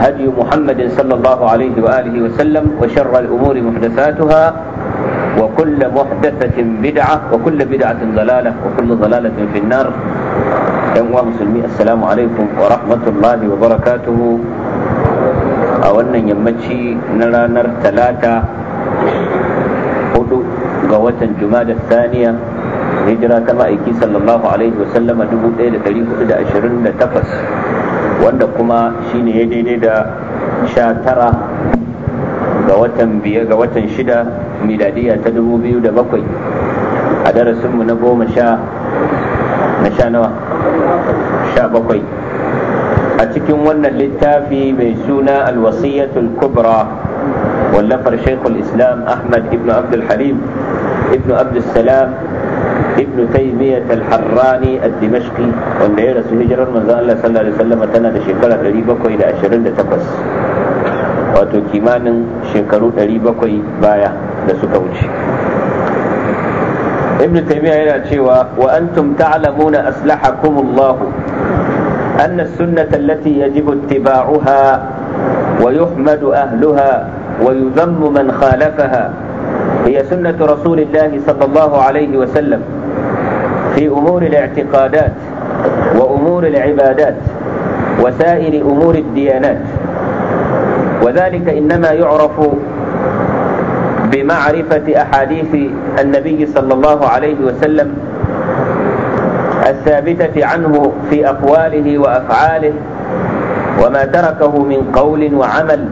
هدي محمد صلى الله عليه وآله وسلم وشر الأمور محدثاتها وكل محدثة بدعة وكل بدعة ضلالة وكل ضلالة في النار يا مسلمي السلام عليكم ورحمة الله وبركاته أولا يمتشي نرى نر ثلاثة hudu ga watan jumada saniya hijira ta ma'aiki sallallahu alaihi wasallama 1428 wanda kuma shi ne ya daidai da sha tara ga watan biya ga watan shida miladiya ta dubu biyu da bakwai a darasinmu na goma sha na sha nawa sha bakwai a cikin wannan littafi mai suna alwasiyatul kubra wallafar shaikhul islam ahmad ibn abdul halim ibn abdul salam ابن تيمية الحراني الدمشقي والعيرة سهجر رمضان الله صلى الله عليه وسلم تنا لشكرة قريبة كوي لأشرين لتفس واتو كيمان شكرو قريبة كوي بايا لسكوش ابن تيمية إلى تشيوى وأنتم تعلمون أسلحكم الله أن السنة التي يجب اتباعها ويحمد أهلها ويذم من خالفها هي سنة رسول الله صلى الله عليه وسلم في أمور الاعتقادات وأمور العبادات وسائر أمور الديانات وذلك إنما يعرف بمعرفة أحاديث النبي صلى الله عليه وسلم الثابتة عنه في أقواله وأفعاله وما تركه من قول وعمل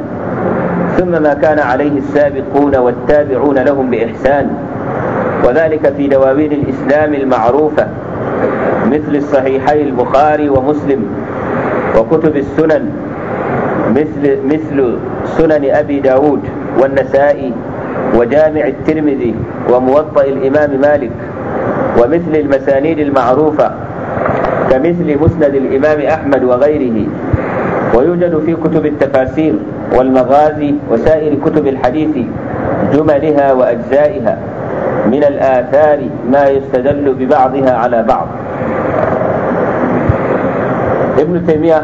ثم ما كان عليه السابقون والتابعون لهم بإحسان وذلك في دواوين الإسلام المعروفة مثل الصحيحي البخاري ومسلم وكتب السنن مثل مثل سنن أبي داود والنسائي وجامع الترمذي وموطئ الإمام مالك ومثل المسانيد المعروفة كمثل مسند الإمام أحمد وغيره ويوجد في كتب التفاسير والمغازي وسائر كتب الحديث جملها وأجزائها من الآثار ما يستدل ببعضها على بعض ابن تيمية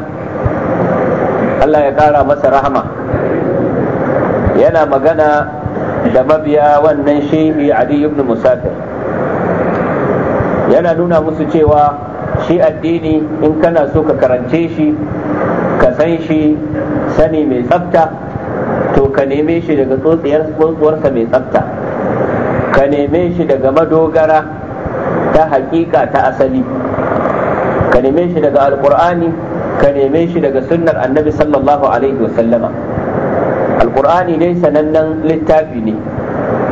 الله يقارى مس رحمة yana magana da mabiya wannan بن Ali ibn Musafir yana nuna musu cewa shi addini in kana so ka karance shi ka san shi sani mai tsafta to ka neme shi daga tsotsiyar tsotsuwarsa mai tsafta ka neme shi daga madogara ta hakika ta asali ka neme shi daga alkur'ani ka neme shi daga sunnar annabi sallallahu alaihi wasallama alkur'ani dai sanannen littafi ne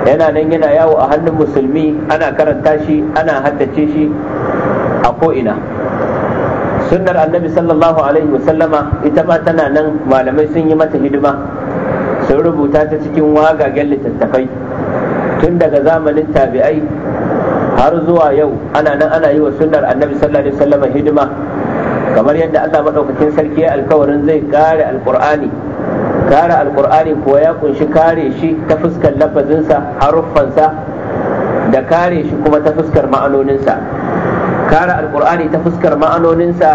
yana nan yana yawo a hannun musulmi ana karanta shi ana haddace shi a ko'ina sunnar annabi sallallahu alaihi wasallama ita ma tana nan malamai sun yi mata hidima sun rubuta ta cikin wagagen littattafai tun daga zamanin tabi'ai har zuwa yau ana nan ana yi wa sunnar annabi sallallahu alaihi wasallam hidima kamar yadda Allah madaukakin sarki ya alkawarin zai kare alqur'ani kare alqur'ani kuwa ya kunshi kare shi ta fuskar lafazinsa haruffansa da kare shi kuma ta fuskar ma'anoninsa kare alqur'ani ta fuskar ma'anoninsa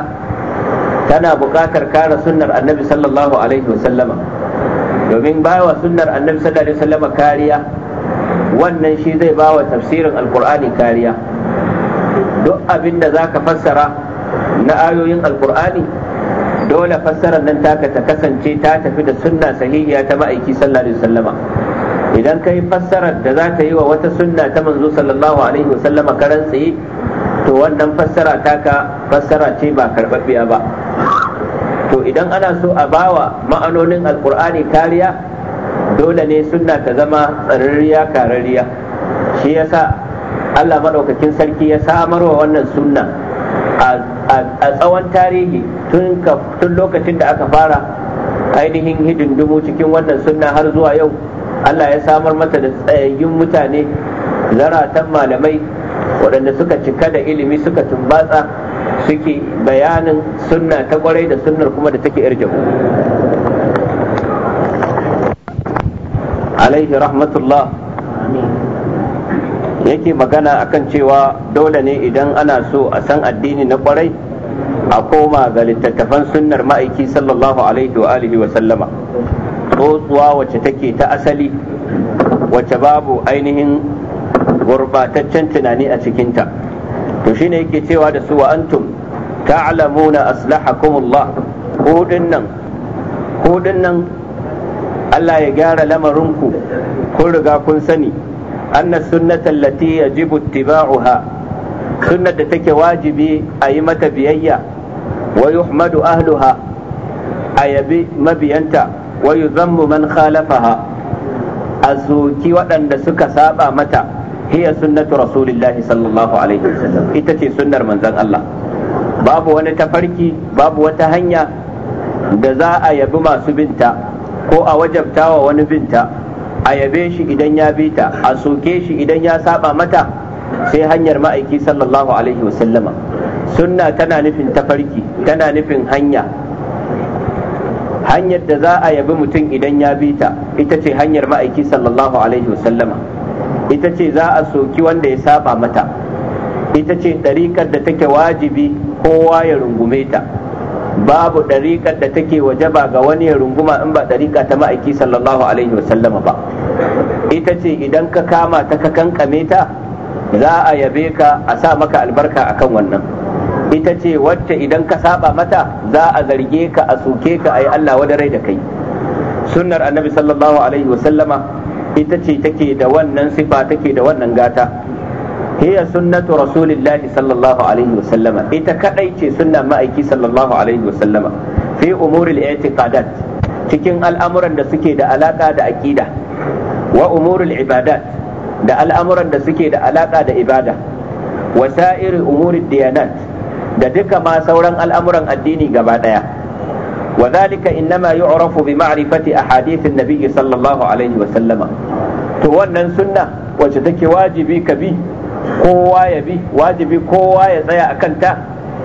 tana buƙatar kare sunnar annabi sallallahu alaihi wasallama domin bawa sunnar annabi sallallahu alaihi wasallama kariya wannan shi zai ba wa tafsirin alkur'ani kariya duk abin da za ka fassara na ayoyin alkur'ani dole fassarar nan taka ta kasance ta tafi da sunna sahihiya ta ma'aiki sallallahu alaihi Sallama. idan ka yi fassarar da za ta yi wa wata sunna ta manzo sallallahu alaihi sallama karan tsaye to wannan fassara taka fassara ce ba karɓaɓɓiya ba to idan ana so a bawa ma'anonin alkur'ani kariya dole ne sunna ta zama tsararriya kararriya shi yasa Allah maɗaukakin sarki ya samarwa wannan sunna a tsawon tarihi tun lokacin da aka fara ainihin hidindimu cikin wannan sunna har zuwa yau Allah ya samar mata da tsayayyun mutane zaratan malamai waɗanda suka cika da ilimi suka tumbatsa suke bayanin sunna ta kwarai da sunnar kuma da take irjahu alaihi rahmatullah yake magana akan cewa dole ne idan ana so a san addini na kwarai a koma ga littattafan sunnar ma'aiki sallallahu alaihi wa alihi wa sallama tsotsuwa wacce take ta asali wacce babu ainihin gurbataccen tunani a cikinta to shine yake cewa da su wa antum ta'lamuna aslahakumullah ko dinnan ko dinnan Allah ya gyara lamarinku kun riga kun sani anna sunnata allati yajibu ittiba'uha sunnat da take wajibi a yi mata biyayya wa yuhmadu ahluha a yabi mabiyanta wa yuzammu man khalafaha a soki waɗanda suka saba mata hiya sunnatu rasulillahi sallallahu alaihi wasallam ita ce sunnar manzon Allah babu wani tafarki babu wata hanya da za a yabi masu binta ko a wajabta wa wani binta a yabe shi idan ya bi ta a soke shi idan ya saba mata sai hanyar ma'aiki sallallahu alaihi wasallama sunna tana nufin tafarki tana nufin hanya hanyar da za a yabi mutum idan ya bi ta ita ce hanyar ma'aiki sallallahu alaihi wasallama ita ce za a soki wanda ya saba mata ita ce ɗarikar da take wajibi kowa ya rungume ta babu ɗariƙar da take waje ba ga wani ya runguma in ba ɗariƙa ta ma'aiki sallallahu alaihi ba ita ce idan ka kama ta ka kankame ta za a yabe ka a sa maka albarka akan wannan ita ce wacce idan ka saba mata za a zarge ka a suke ka a yi Allah wani rai da kai sunnar annabi sallallahu alaihi wasallama ita ce take da wannan sifa take da wannan gata hiya sunnatu rasulillahi sallallahu alaihi wa sallama ita kadai ce sunna ma'aiki sallallahu alaihi wa sallama fi umuril i'tiqadat cikin al'amuran da suke da alaka da aƙida, wa ibada da al'amuran da suke da alaƙa da ibada wa umurin umurid diyanat da duka ma sauran al'amuran addini gaba daya wa zalika innama yu'rafu bi a ahadithin nabiyyi sallallahu alaihi wa sallama to wannan sunna wacce take wajibi ka bi kowa ya bi wajibi kowa ya tsaya a kanta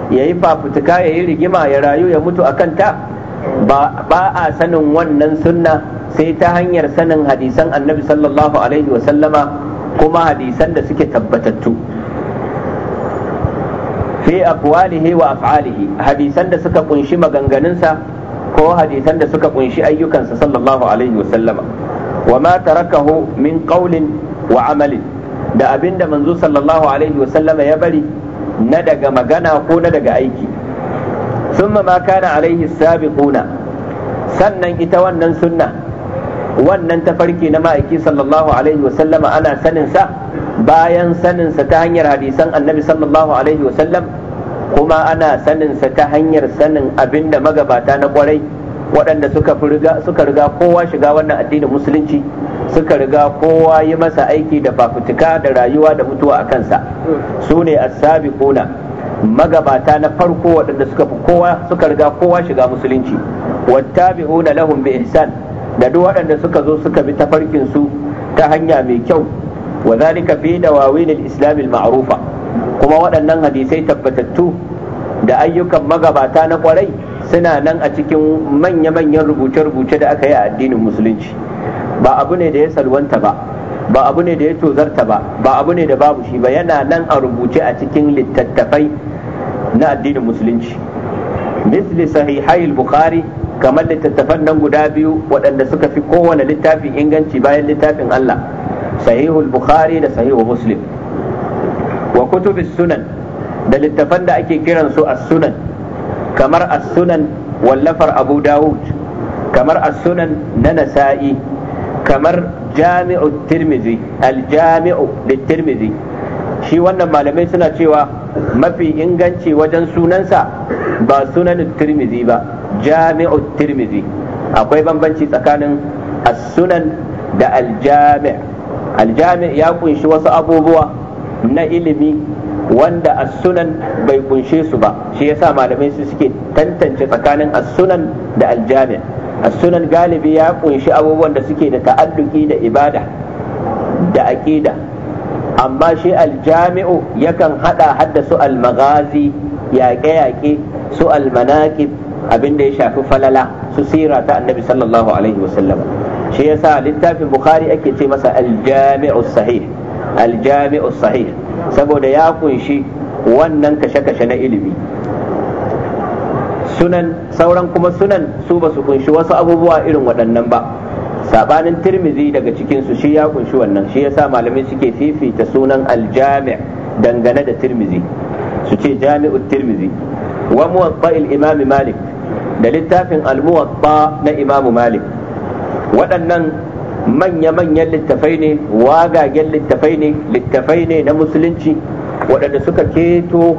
ya yi fafutuka ya yi rigima ya rayu ya mutu a kanta ba a sanin wannan sunna sai ta hanyar sanin hadisan annabi sallallahu alaihi wasallama kuma hadisan da suke tabbatattu fi aqwalihi wa af'alihi hadisan da suka kunshi maganganunsa ko hadisan da suka kunshi ayyukansa sallallahu alaihi wasallama wa ma tarakahu min qawlin wa amalin da abin da manzo sallallahu alaihi wasallama ya bari na daga magana ko na daga aiki summa ma kana alaihi sabiquna sannan ita wannan sunna wannan tafarki na ma'aiki sallallahu alaihi wasallama ana sanin sa bayan sanin sa ta hanyar hadisan annabi sallallahu alaihi wasallam kuma ana saninsa ta hanyar sanin abinda magabata na kwarai waɗanda suka riga kowa shiga wannan addinin musulunci suka riga kowa yi masa aiki da fafutuka da rayuwa da mutuwa a kansa su ne as magabata na farko waɗanda suka fi kowa suka riga kowa shiga musulunci wattabi'una lahum bi ihsan da duk waɗanda suka zo suka bi tafarkin su ta hanya mai kyau wa zalika fi dawawin al-islam al-ma'rufa kuma waɗannan hadisai tabbatattu da ayyukan magabata na kwarai suna nan a cikin manya-manyan rubuce-rubuce da aka yi a addinin musulunci ba abu ne da ya salwanta ba ba abu ne da ya tozarta ba ba abu ne da babu shi ba yana nan a rubuce a cikin littattafai na addinin musulunci misli sahihai bukhari kamar littattafan nan guda biyu waɗanda suka fi kowane littafin inganci bayan littafin Allah sahihu bukhari da sahihu muslim wa sunan da littafan da ake kiran su as-sunan kamar as-sunan wallafar abu dawud kamar as-sunan na nasa'i kamar jami'u tirmizi aljami'u da tirmizi shi wannan malamai suna cewa mafi inganci wajen sunansa ba sunan tirmizi ba jami'u tirmizi akwai bambanci tsakanin sunan da aljami' aljami' ya kunshi wasu abubuwa na ilimi wanda sunan bai kunshe su ba shi yasa malamai su suke tantance tsakanin sunan da aljami'a. sunan galibi ya kunshi abubuwan da suke da ta'adduki da ibada da aƙida amma shi aljami'u yakan hada hadda su almagazi yaƙe-yaƙe su almanaqib abin da ya shafi falala su sira ta annabi sallallahu alaihi wasallam shi yasa littafin bukhari ake ce masa aljami'u sahih aljami'u sahih saboda ya kunshi wannan kashe-kashe na ilimi sunan sauran kuma sunan su ba su kunshi wasu abubuwa irin waɗannan ba sabanin tirmizi daga cikinsu shi ya kunshi wannan shi yasa malamai suke fifita sunan aljami' dangane da tirmizi su ce jami'u tirmizi wa muwatta imam malik da littafin al-muwatta na imam malik waɗannan manya-manyan littafai ne wagagen littafai ne littafai ne na musulunci waɗanda suka keto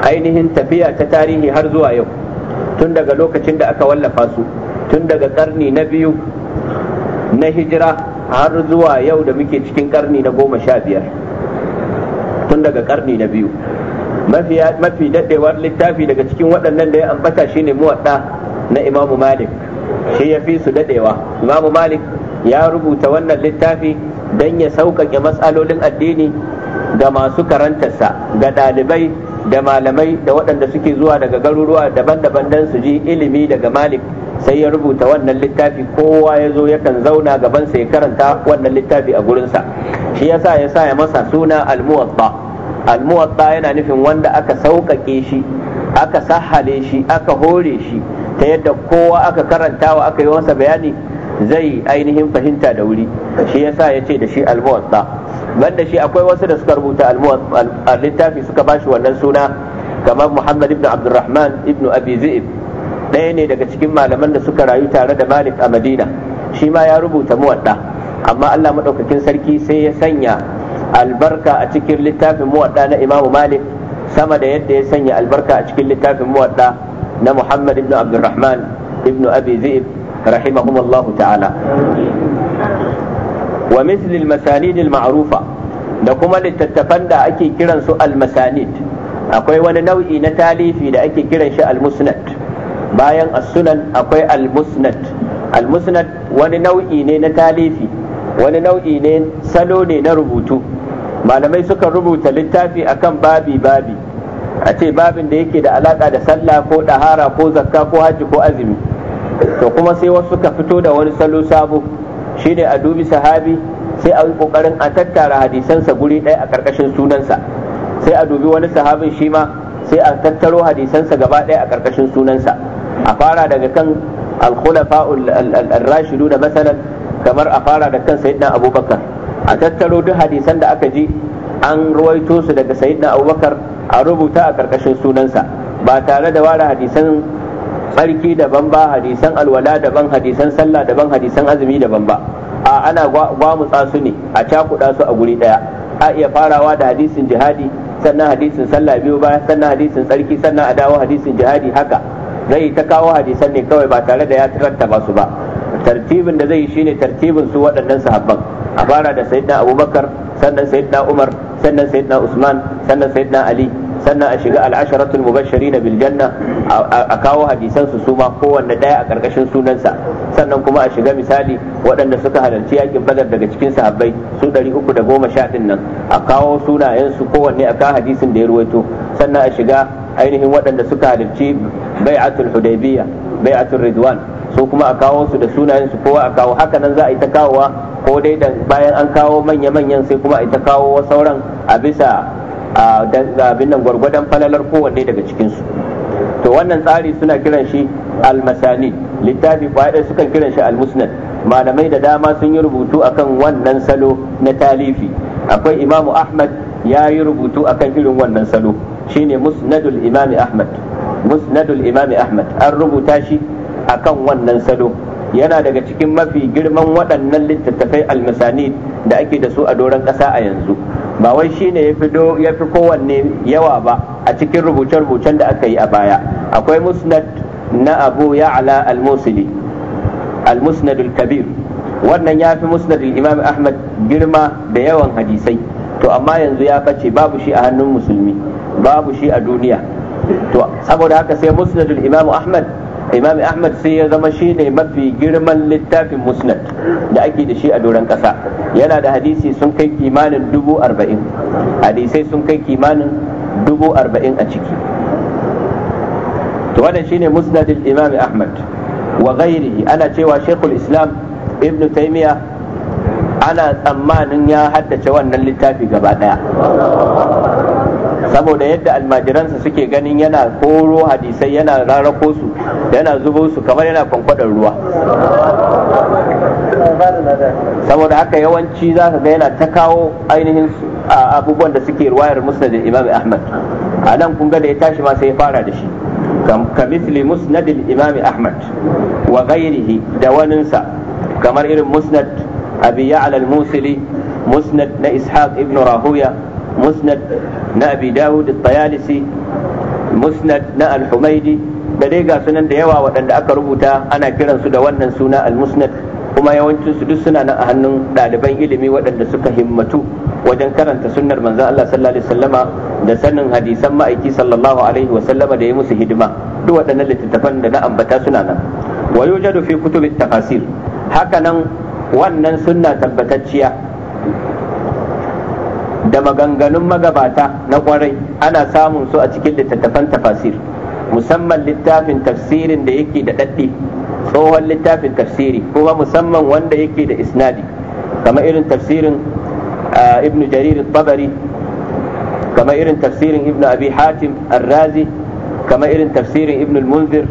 ainihin tafiya ta tarihi har zuwa yau tun daga lokacin da aka wallafa su tun daga karni na biyu na hijira har zuwa yau da muke cikin karni na goma sha biyar tun daga karni na biyu mafi daɗewar littafi daga cikin waɗannan da ya ambata shine muwaɗa na imamu malik shi ya fi su daɗewa imamu malik ya rubuta wannan littafi don ya sauƙaƙe matsalolin addini ga masu karantarsa ga ɗalibai da malamai da waɗanda suke zuwa daga garuruwa daban-daban don su ji ilimi daga malik sai ya rubuta wannan littafi kowa ya zo yakan zauna gabansa ya karanta wannan littafi a gurinsa shi yasa ya sa ya masa suna almuwatta almuwatta yana nufin wanda aka sauƙaƙe shi aka sahale shi aka hore shi ta yadda kowa aka karanta wa aka yi masa bayani zai ainihin fahimta da wuri shi yasa ya ce da shi almuwatta banda shi akwai wasu da suka rubuta al-littafi suka bashi wannan suna kamar Muhammad ibn Abdurrahman ibn Abi Zaid ɗaya ne daga cikin malaman da suka rayu tare da Malik a Madina shi ma ya rubuta muwadda amma Allah madaukakin sarki sai ya sanya albarka a cikin littafin muwadda na Imam Malik sama da yadda ya sanya albarka a cikin littafin muwadda na Muhammad ibn Abdurrahman ibn Abi Zaid rahimahumullahu ta'ala wa misli al-masanid al-ma'rufa da kuma littattafan da ake kiran su al-masanid akwai wani nau'i na talifi da ake kiran shi al-musnad bayan as-sunan akwai al-musnad al-musnad wani nau'i ne na talifi wani nau'i ne salo ne na rubutu malamai suka rubuta littafi akan babi babi a ce babin da yake da alaka da sallah ko dahara ko zakka ko hajji ko azumi to kuma sai wasu suka fito da wani salo sabo ne a dubi sahabi sai a yi kokarin a tattara hadisansa guri ɗaya a karkashin sunansa sai a dubi wani sahabin shi ma sai a tattaro hadisansa gaba ɗaya a karkashin sunansa a fara daga kan al rashidu da masalan kamar a fara da kan sayyidina abubakar a tattaro duk hadisan da aka ji an ruwaito su daga sayyidina abubakar a rubuta a karkashin sunansa ba tare da ware hadisan tsarki daban ba hadisan alwala daban hadisan sallah daban hadisan azumi daban ba a ana gwamutsa su ne a cakuɗa su a guri ɗaya a iya farawa da hadisin jihadi sannan hadisin sallah biyu ba sannan hadisin tsarki sannan a dawo hadisin jihadi haka zai ta kawo hadisan ne kawai ba tare da ya rattaba su ba tartibin da zai yi shine tartibin su waɗannan sahabban a fara da sayyidina abubakar sannan sayyidina umar sannan sayyidina usman sannan sayyidina ali sannan a shiga al'asharatul mubashirin bil janna a kawo hadisansu su suma kowanne daya a karkashin sunansa sannan kuma a shiga misali waɗanda suka halarci yakin badar daga cikin sahabbai su 310 nan a kawo sunayen su kowanne kawo hadisin da ya ruwaito sannan a shiga ainihin waɗanda suka halarci bai'atul hudaybiyya bai'atul ridwan su kuma a kawo su da sunayen su kowa a kawo haka nan za a yi ta kawowa ko dai bayan an kawo manya-manyan sai kuma a yi ta kawo sauran a bisa a abin nan gwargwadon falalar kowanne daga cikinsu to wannan tsari suna kiran shi almasani littafi kwaɗe sukan kiran shi almusnad malamai da dama sun yi rubutu akan wannan salo na talifi akwai imamu ahmad ya yi rubutu akan irin wannan salo shine musnadul imami ahmad musnadul imami ahmad an rubuta shi akan wannan salo yana daga cikin mafi girman waɗannan littattafai almasani da ake da su a doron ƙasa a yanzu ba wai shi ne ya fi kowanne yawa ba a cikin rubuce-rubucen da aka yi a baya akwai musnad na abu ya al-musili al kabir wannan ya fi musnad imam ahmad girma da yawan hadisai to amma yanzu ya face babu shi a hannun musulmi babu shi a duniya to saboda haka sai musnadul imam ahmad imam ahmad sai ya zama shi ne mafi girman littafin musnad da ake da shi a doron kasa yana da hadisi sun kai kimanin dubu arba'in hadisai sun kai kimanin dubu arba'in a ciki to wannan shine Musnadin imam ahmad wa gairihi ana cewa shekul islam ibn taimiya ana tsammanin ya haddace wannan littafi gaba daya saboda yadda almajiransa suke ganin yana koro hadisai yana rarako su yana zubo su kamar yana kwankwadar ruwa saboda haka yawanci za ka ga yana ta kawo ainihin abubuwan da suke ruwayar musnadin imam ahmad a nan kun ga da ya tashi ma sai ya fara da shi wa wa da waninsa kamar kamar musnad abiya أبي musili Musnad na Ishaq Ibn Rahuya. musnad na abi dawud at musnad na al-humaidi da dai ga sunan da yawa waɗanda aka rubuta ana kiransu da wannan suna al-musnad kuma yawancinsu duk suna nan a hannun ɗaliban ilimi waɗanda suka himmatu wajen karanta sunnar manzon Allah sallallahu alaihi wasallama da sanin hadisan ma'aiki sallallahu alaihi wasallama da ya musu hidima duk waɗannan littattafan da na ambata suna nan wa yujadu fi kutubit tafasir haka nan wannan sunna tabbatacciya da maganganun magabata na kwarai ana samun su a cikin littattafan tafasir musamman littafin tafsirin da yake da daddi tsohon littafin tafsiri kuma musamman wanda yake da isnadi kamar irin tafsirin Ibnu jarir tabari kamar irin tafsirin Ibnu abi hatim ar-razi kamar irin tafsirin Ibnu al-munzir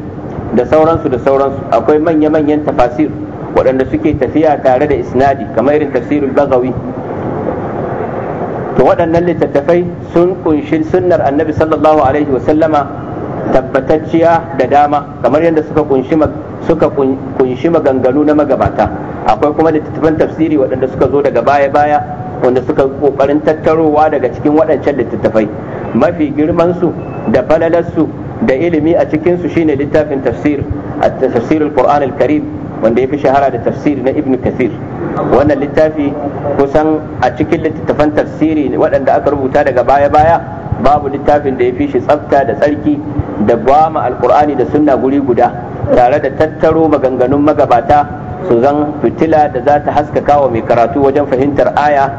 da sauransu da sauransu akwai manya-manyan tafasir waɗanda suke tafiya tare da isnadi kamar irin tafsirul bagawi to waɗannan littattafai sun kunshi sunnar annabi sallallahu alaihi wasallama tabbatacciya da dama kamar yadda suka kunshi suka kunshi maganganu na magabata akwai kuma littattafan tafsiri waɗanda suka zo daga baya-baya wanda suka kokarin tattarowa daga cikin waɗancan littattafai mafi girman su da falalarsu da ilimi a cikinsu shine littafin tafsir a tafsirul qur'an karim wanda ya fi shahara da tafsiri na ibn kathir wannan littafi kusan a cikin littattafan tafsiri waɗanda aka rubuta daga baya-baya babu littafin da ya fi shi tsafta da tsarki da gwama alkur'ani da sunna guri guda tare da tattaro maganganun magabata su zan fitila da za ta haskaka wa mai karatu wajen fahimtar aya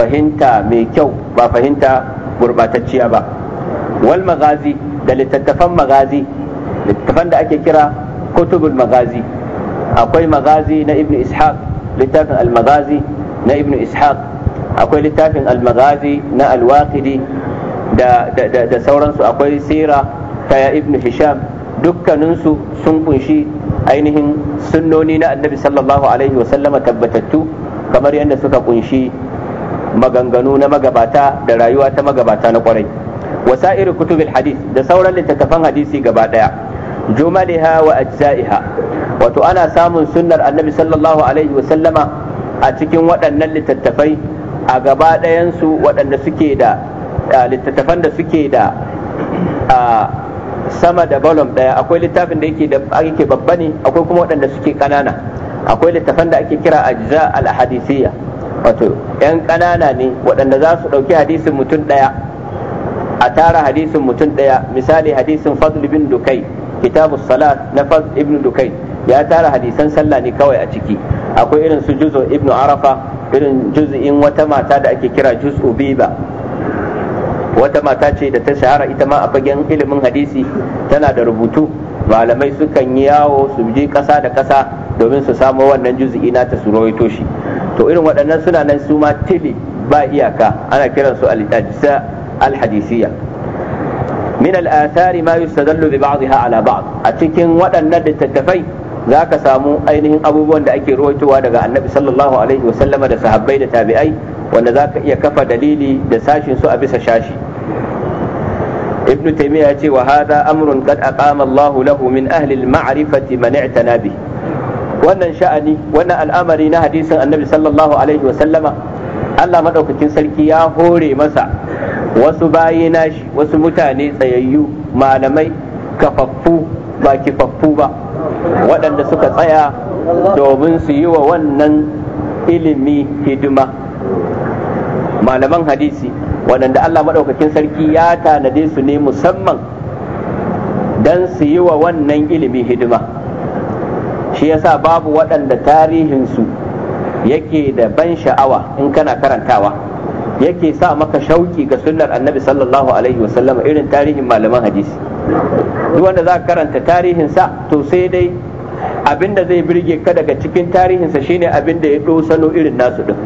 fahimta mai kyau ba fahimta gurbatacciya ba wal magazi da littattafan magazi littattafan da ake kira kutubul magazi akwai magazi na ibn ishaq littafin al-magazi na ibn ishaq akwai littafin al-magazi na al-waqidi da, da, da, sauransu akwai sira ta ibn hisham dukkaninsu sun kunshi ainihin sunnoni na annabi sallallahu alaihi wasallama tabbatattu kamar yadda suka kunshi maganganu na magabata da rayuwa ta magabata na kwarai wasa'ir kutubil hadis da sauran littattafan hadisi gaba daya da wa ajza'iha wato ana samun sunnar annabi sallallahu alaihi wasallama a cikin waɗannan littattafai a gaba ɗayansu waɗanda suke da littattafan da suke da sama da balon ɗaya akwai littafin da yake babba ne akwai kuma waɗanda suke ƙanana akwai littafan da ake kira ajza al-hadisiyya wato 'yan ƙanana ne waɗanda za su ɗauki hadisin mutum ɗaya a tara hadisin mutum ɗaya misali hadisin fadl bin dukai kitabus salat na fadl ibn dukai ya tara hadisan sallah ne kawai a ciki akwai irin su juzo ibnu arafa irin juz'in wata mata da ake kira juz'u biba wata mata ce da ta shahara ita ma a fagen ilimin hadisi tana da rubutu malamai sukan yi yawo su je ƙasa da ƙasa domin su samo wannan juz'i nata su rawaito shi to irin waɗannan suna nan su ma tili ba iyaka ana su al-ajsa al-hadisiyya min al-athari ma yustadallu bi ba'dha ala ba'd a cikin waɗannan littattafai za ka samu ainihin abubuwan da ake ruwaitowa daga annabi sallallahu alaihi wasallama da sahabbai da tabi'ai wanda za ka iya kafa dalili da sashin su a bisa shashi ibnu taymiya ce wa hada amrun qad aqama allah lahu min ahli al-ma'rifati man i'tana bi wannan sha'ani wannan al'amari na hadisin annabi sallallahu alaihi wasallama Allah madaukakin sarki ya hore masa wasu bayi nashi wasu mutane tsayayyu malamai kafaffu ba kifaffu ba waɗanda suka tsaya domin su yi wa wannan ilimi hidima malaman hadisi waɗanda Allah maɗaukakin sarki ya tanade su ne musamman don su yi wa wannan ilimi hidima shi yasa babu waɗanda tarihinsu yake da ban sha'awa in kana karantawa yake sa maka shauƙi ga sunnar annabi sallallahu alaihi wasallam irin tarihin malaman hadisi duk wanda za ka karanta tarihinsa to sai dai abin da zai birge ka daga cikin tarihinsa shine abin da ya dosano irin nasu din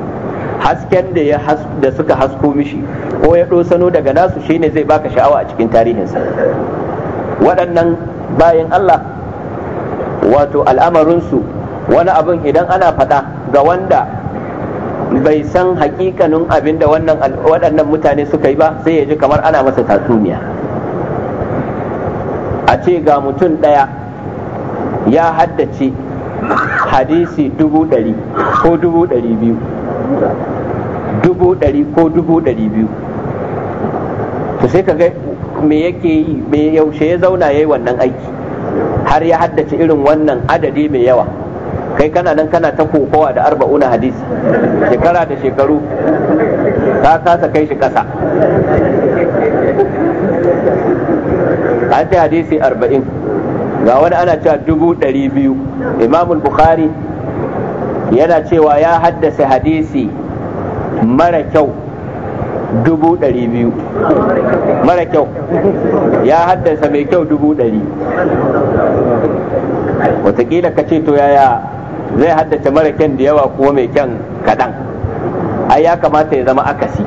hasken da ya da suka hasko mishi ko ya dosano daga nasu shine zai baka sha'awa a cikin tarihinsa waɗannan bayan Allah wato al'amarinsu wani abin idan ana faɗa ga wanda bai san hakikanin abin da waɗannan mutane suka yi ba sai ya ji kamar ana masa tatsuniya ce ga mutum ɗaya ya haddace hadisi dubu ɗari ko dubu ɗari biyu dubu ɗari ko dubu ɗari biyu to sai ka ga me yake yi me yaushe ya zauna ya yi wannan aiki har ya haddace irin wannan adadi mai yawa kai kana nan kana ta kokowa da arba'una hadisi shekara da shekaru ka kasa kai shi ƙasa an hadisi arba'in ga wani ana cewa dubu ɗari biyu imamul bukhari yana cewa ya haddasa hadisi mara kyau dubu ɗari biyu mara kyau ya haddasa mai kyau dubu ɗari watakila ka ce to yaya zai haddace mara kyan da yawa kuma mai kyan kaɗan ai ya kamata ya zama akasi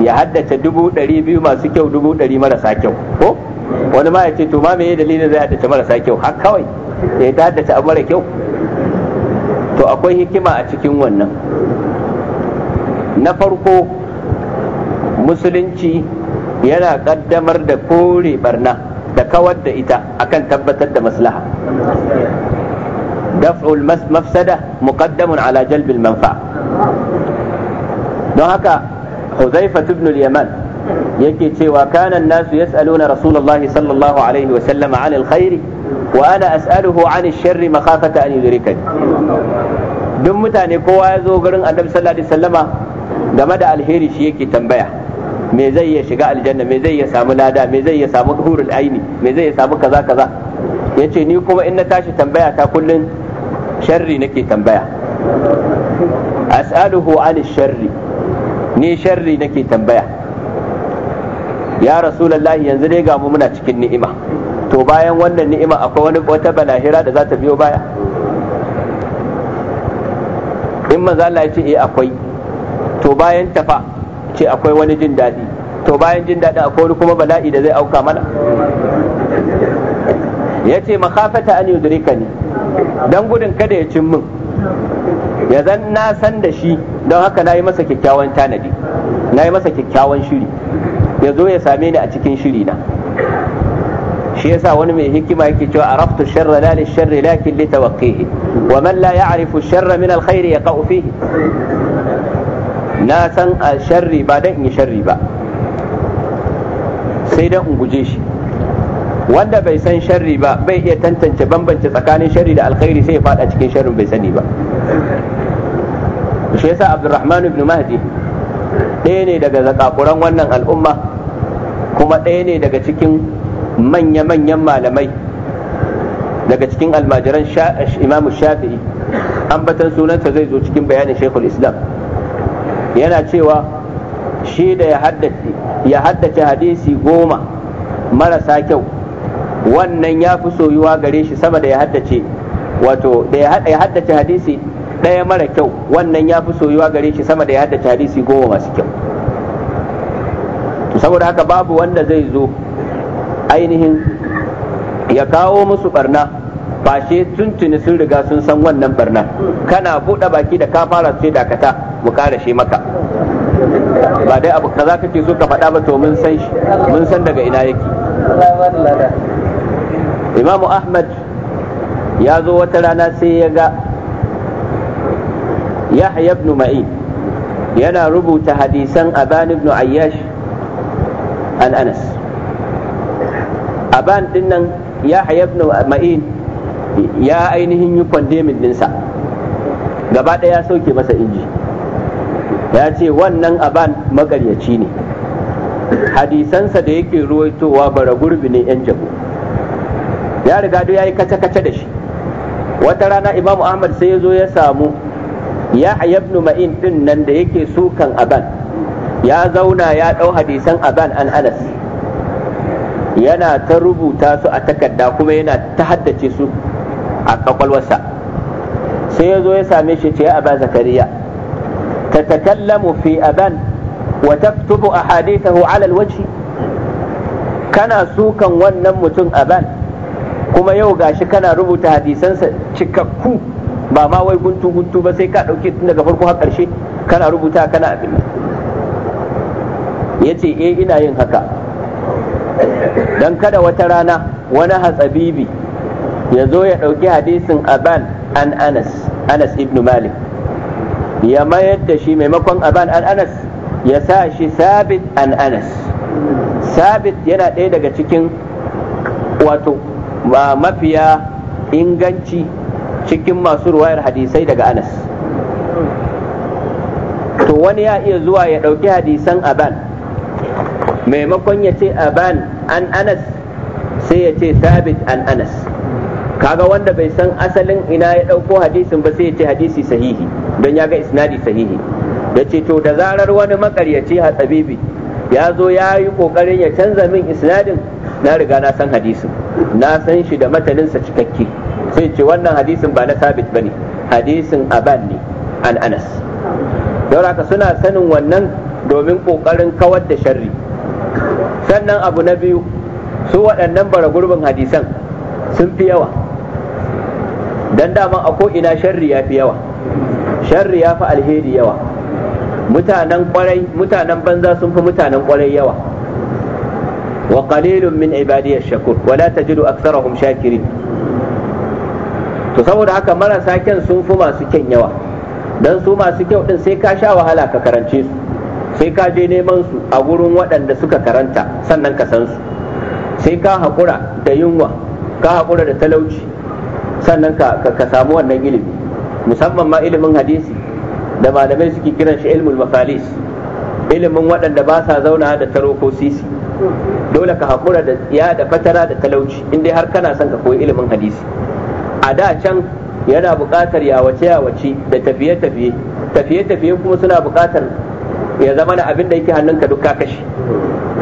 ya haddace dubu ɗari biyu masu kyau dubu ɗari marasa kyau ko wani ma ya ce to ma me dalilin zai haddace marasa kyau har kawai ya ta haddace abu mara kyau to akwai hikima a cikin wannan na farko musulunci yana kaddamar da kore barna da kawar da ita akan tabbatar da maslaha daf'ul mafsada muqaddamun ala jalbil manfa don haka Huzaifa ibn al-Yaman yake cewa kanan nasu yas'aluna rasulullahi sallallahu alaihi wa sallama anil khairi wa ana as'aluhu anil sharri makhafata an yudrikani duk mutane kowa ya zo garin annabi sallallahu alaihi sallama game da alheri shi yake tambaya me zai ya shiga aljanna me zai ya samu lada me zai ya samu hurul aini me zai ya samu kaza kaza yace ni kuma in na tashi tambaya ta kullun sharri nake tambaya as'aluhu an sharri ni sharri nake tambaya ya rasulullahi yanzu dai ga mu muna cikin ni'ima to bayan wannan ni'ima akwai wani wata balahira da za ta biyo baya in manzo Allah ya ce eh akwai to bayan tafa ce akwai wani jin daɗi to bayan jin daɗi akwai wani kuma bala'i da zai auka mana ya ce makafata an yudrika ni don gudun kada ya cin min ya zan na san da shi don haka na yi masa kyakkyawan tanadi na yi masa kyakkyawan shiri ya zo ya same ni a cikin shiri na shi yasa wani mai hikima yake cewa araftu sharra la li sharri lakin li tawqihi wa man la ya'rifu sharra min al khair yaqa'u fihi na san a sharri ba dan in sharri ba sai dan in guje shi wanda bai san sharri ba bai iya tantance bambance tsakanin sharri da alkhairi sai ya fada cikin sharrin bai sani ba shi yasa abdurrahman ibn mahdi ɗaya ne daga zakakuran wannan al'umma kuma ɗaya ne daga cikin manya-manyan malamai daga cikin almajiran Imam shafi'i ambatan sunanta zai zo cikin bayanin shekul islam yana cewa shi da ya haddace hadisi goma marasa kyau wannan ya fi soyuwa gare shi sama da ya haddace wato da ya haddace hadisi ɗaya mara kyau wannan ya fi soyuwa gare shi sama da ya haddace hadisi goma masu kyau saboda haka babu wanda zai zo ainihin ya kawo musu barna fashe sun tuni sun riga sun san wannan barna kana buɗe baki da ka fara sai dakata mu karashe maka ba dai abu kaza kake so ka faɗa ba to mun san shi mun san daga ina yake Imam ahmad ya zo wata rana sai ya ga yahya ibn ma'in yana rubuta hadisan aban ibn ayyash an anas aban din nan ya ibn ma'in ya ainihin yi kwandemin dinsa gaba ɗaya ya sauke masa inji ya ce wannan aban makaryaci ne hadisansa da yake ruwaitowa bara gurbi ne 'yan jago ya riga ya yi kace-kace da shi wata rana imamu ahmad sai ya zo ya samu ya ibn ma'in din nan da yake sukan aban ya zauna ya ɗau hadisan Aban an anas yana ta rubuta su a takarda kuma yana ta haddace su a ƙwaƙwalwarsa sai ya zo ya same shi ce ya aba zakariya ta takallamu fi aban wa taktubu ahadithahu ala alalwaci. kana sukan wannan mutum aban kuma yau gashi kana rubuta hadisansa cikakku ba ma wai guntu guntu ba sai ka ɗauki tun daga farko har ƙarshe kana rubuta kana ya ce e eh, ina yin haka don kada wata rana wani hatsabibi ya zo ya ɗauki hadisin aban an anas anas ibn malik ya mayar da shi maimakon aban an anas ya sa shi sabit an anas sabit yana ɗaya daga cikin wato mafiya inganci cikin masu ruwayar hadisai daga anas to wani ya iya zuwa ya ɗauki hadisan aban maimakon ya ce aban an anas sai ya ce sabit an anas kaga wanda bai san asalin ina ya ɗauko hadisin ba sai ya ce hadisi sahihi don ya ga isnadi sahihi da ce to da zarar wani makaryaci hatsabibi ya zo ya yi ƙoƙarin ya canza min isnadin na riga na san hadisin na san shi da mataninsa cikakke sai ce wannan hadisin ba na sabit ba ne hadisin aban ne an anas don haka suna sanin wannan domin ƙoƙarin kawar da sharri sannan abu na biyu su waɗannan bara gurbin hadisan sun fi yawa don dama a ko'ina sharri ya fi yawa sharri ya fi alheri yawa mutanen kwarai mutanen banza sun fi mutanen kwarai yawa wa qalilun min ibadiyash shakur wa la tajidu aktharahum shakirin to saboda haka marasa kyan sun fi masu kyan yawa don su masu kyau din sai ka sha wahala ka karance su sai ka je neman su a gurin waɗanda suka karanta sannan ka san su sai ka haƙura da yunwa ka haƙura da talauci sannan ka samu wannan ilimi musamman ma ilimin hadisi da malamai suke kiran shi ilmul mafalis ilimin waɗanda ba sa zauna da taro ko sisi dole ka haƙura da ya da fatara da talauci in dai har kana son ka koyi ilimin hadisi a da can yana buƙatar yawace yawace da tafiye tafiye tafiye tafiye kuma suna buƙatar ya zama da abin da yake hannunka duk ka kashe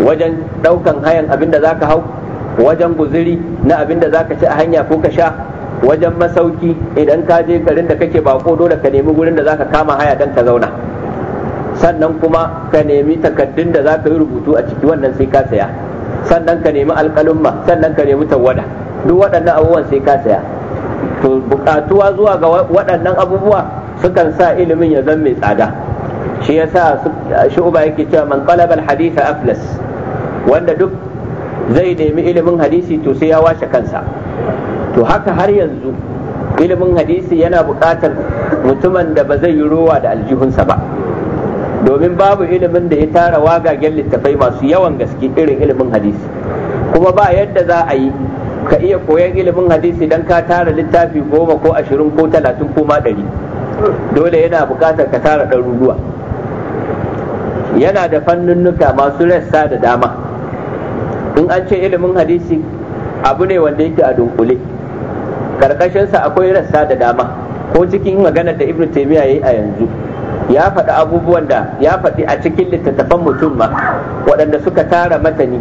wajen daukan hayan abin da zaka hau wajen guziri na abin da zaka ci a hanya ko ka sha wajen masauki idan ka je garin da kake bako dole ka nemi gurin da zaka kama haya dan ka zauna sannan kuma ka nemi takaddun da zaka yi rubutu a ciki wannan sai ka saya sannan ka nemi alƙalumma sannan ka nemi tawada duk waɗannan abubuwan sai ka saya to buƙatuwa zuwa ga waɗannan abubuwa sukan sa ilimin ya zama mai tsada shi ya yasa uba yake cewa man talaba al-hadith aflas wanda duk zai nemi ilimin hadisi to sai ya washe kansa to haka har yanzu ilimin hadisi yana buƙatar mutumin da ba zai yi rowa da aljihunsa ba domin babu ilimin da ya tara wagagen littafai masu yawan gaske irin ilimin hadisi kuma ba yadda za a yi ka iya koyan ilimin hadisi don ka tara littafi goma ko ashirin ko talatin ko ma ɗari dole yana buƙatar ka tara ɗaruruwa yana da fannin nuka masu rassa da dama in an ce ilimin hadisi abu ne wanda yake a dunkule karkashinsa akwai rassa da dama ko cikin maganar da ibnu taymiya yayi a yanzu ya faɗi abubuwan da ya faɗi a cikin littattafan mutum ma waɗanda suka tara matani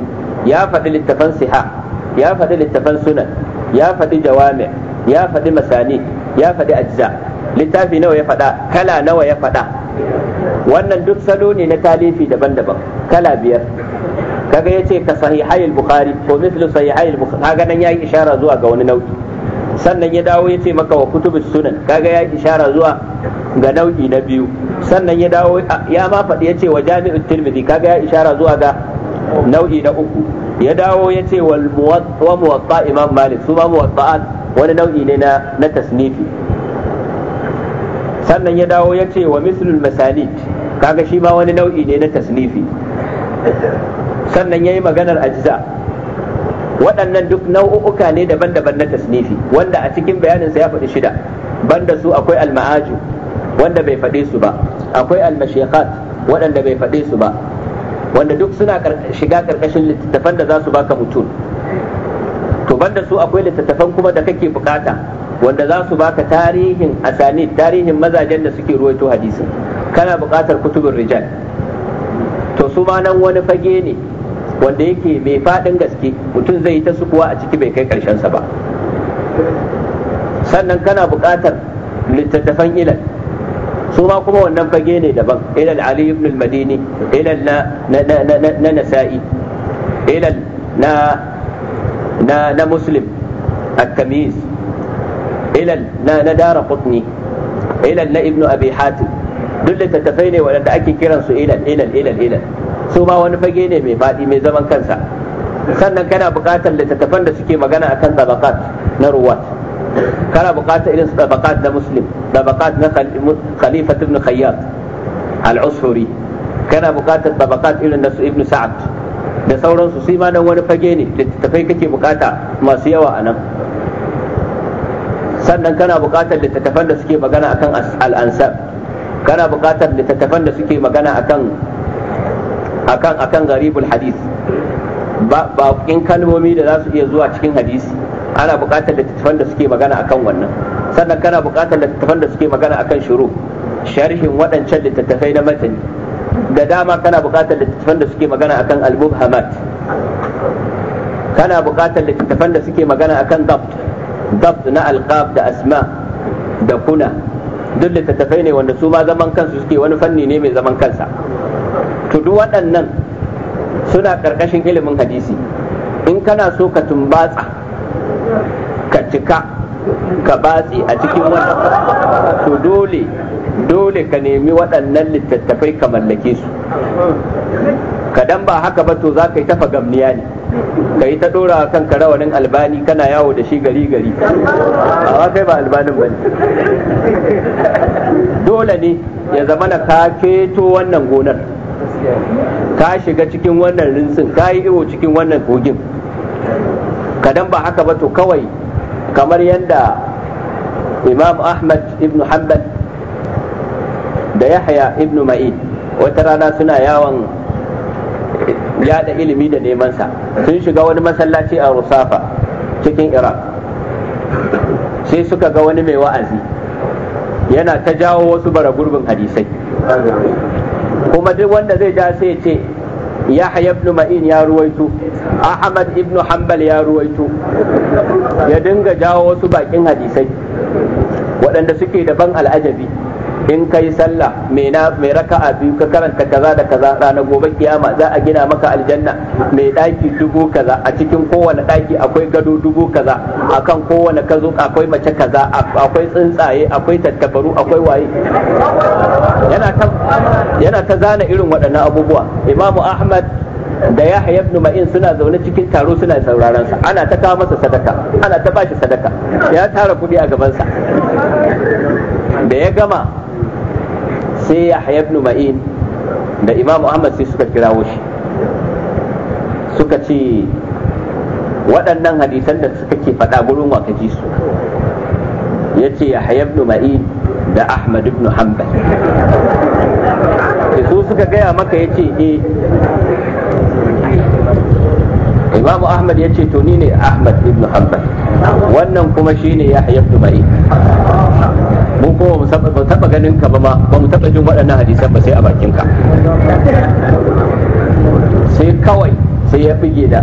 ya faɗi littafan siha ya faɗi littafan sunan ya faɗi jawami ya faɗi masani ya faɗi ajza littafi nawa ya faɗa kala nawa ya faɗa wannan duk salo ne na talifi daban-daban kala biyar kaga yace ka sahihai al-bukhari ko mithlu sahihai al-bukhari kaga nan yayi ishara zuwa ga wani nau'i sannan ya dawo yace maka wa kutubus sunan kaga yayi ishara zuwa ga nau'i na biyu sannan ya dawo ya ma faɗi yace wa jami'ut tirmidhi kaga yayi ishara zuwa ga nau'i na uku ya dawo yace wal muwatta imam malik su ma muwatta wani nau'i ne na tasnifi sannan ya dawo ya ce wa mislul masalid kaga shi ma wani nau'i ne na tasnifi sannan ya yi maganar ajza waɗannan duk nau'uka ne daban-daban na tasnifi wanda a cikin bayaninsa ya faɗi shida banda su akwai alma'aju wanda bai faɗe su ba akwai almashiqat waɗanda bai faɗe su ba wanda duk suna shiga ƙarƙashin littattafan da za su baka mutum to banda su akwai littattafan kuma da kake bukata wanda za su baka tarihin asani tarihin mazajen da suke ruwaito hadisi kana buƙatar kutubin rijal to su ma nan wani fage ne wanda yake mai faɗin gaske mutum zai yi ta sukuwa a ciki bai kai ƙarshensa ba sannan kana buƙatar littattafan ilal su ma kuma wannan fage ne daban ilal ali ibn al-madini ilal na nasa'i ilal na na muslim at ilal na na dara qutni ilal na ibnu abi hatim duk littattafai ne waɗanda ake kiransu ilal ilal ilal ilal su ma wani fage ne mai faɗi mai zaman kansa sannan kana buƙatar littattafan da suke magana akan tabaqat na ruwat kana buƙatar irin su tabaqat na muslim tabaqat na khalifa ibn khayyat al-usuri kana buƙatar tabaqat irin na su ibn sa'ad da sauransu su ma nan wani fage ne littattafai kake buƙata masu yawa a nan sannan kana buƙatar littattafan da suke magana akan al'ansar kana buƙatar littattafan da suke magana akan akan akan garibul hadis ba in kalmomi da za su iya zuwa cikin hadisi ana buƙatar littattafan da suke magana akan wannan sannan kana buƙatar littattafan da suke magana akan shuru sharhin waɗancan littattafai na matani da dama kana buƙatar littattafan da suke magana akan al-mubhamat kana buƙatar littattafan da suke magana akan dabt dabt na alqab da asma da kuna duk littattafai ne wanda su ma zaman kansu suke wani fanni ne mai zaman kansa to duk waɗannan suna ƙarƙashin ilimin hadisi in kana so ka tumbatsa ka cika ka batsi a cikin wannan to dole ka nemi waɗannan littattafai ka mallake su kadan ba haka ba to za ka yi tafa gamniya ne ka yi ta dora kan rawanin albani kana yawo da shi gari gari amma kai ba albanin ba ne dole ne ya zama na ka keto wannan gonar ka shiga cikin wannan rinsin ka yi iwo cikin wannan kogin kadan ba haka ba to kawai kamar yadda imam ahmad ibn hanbal da yahya ibn ma'in wata rana suna yawon Ya da ilimi da neman sa sun shiga wani masallaci a rusafa cikin iraq sai suka ga wani mai wa'azi yana ta jawo wasu bara gurbin hadisai kuma duk wanda zai ja sai ce yahya ibn ma'in ya ruwaito ahmad ibn hanbal ya ruwaito ya dinga jawo wasu bakin hadisai waɗanda suke da ban al'ajabi in kai sallah mai raka'a biyu ka karanta kaza da kaza ranar gobe kiyama za a gina maka aljanna mai daki dubu kaza a cikin kowane daki akwai gado dubu kaza akan kowane kazo akwai mace kaza akwai tsuntsaye akwai tattabaru akwai waye yana ta yana ta zana irin waɗannan abubuwa imamu ahmad da haya ibn Ma'in suna zaune cikin taro suna sauraron sa ana ta kawo masa sadaka ana ta bashi sadaka ya tara kuɗi a gaban sa da ya gama sai haya ibn ma'in da imam ahmad sai suka kirawo shi suka ce waɗannan hadisan da suka ke faɗa gurin wa ji su ya ce haya ibn ma'in da ahmad ibn hanbal su suka gaya maka ya ce eh imamu ahmad ya ce to ni ne ahmad ibn hanbal wannan kuma shine haya ibn ma'in mu kuma ba taba ganin ka ba ma ba mu taba jin waɗannan hadisan ba sai a bakin ka sai kawai sai ya buge da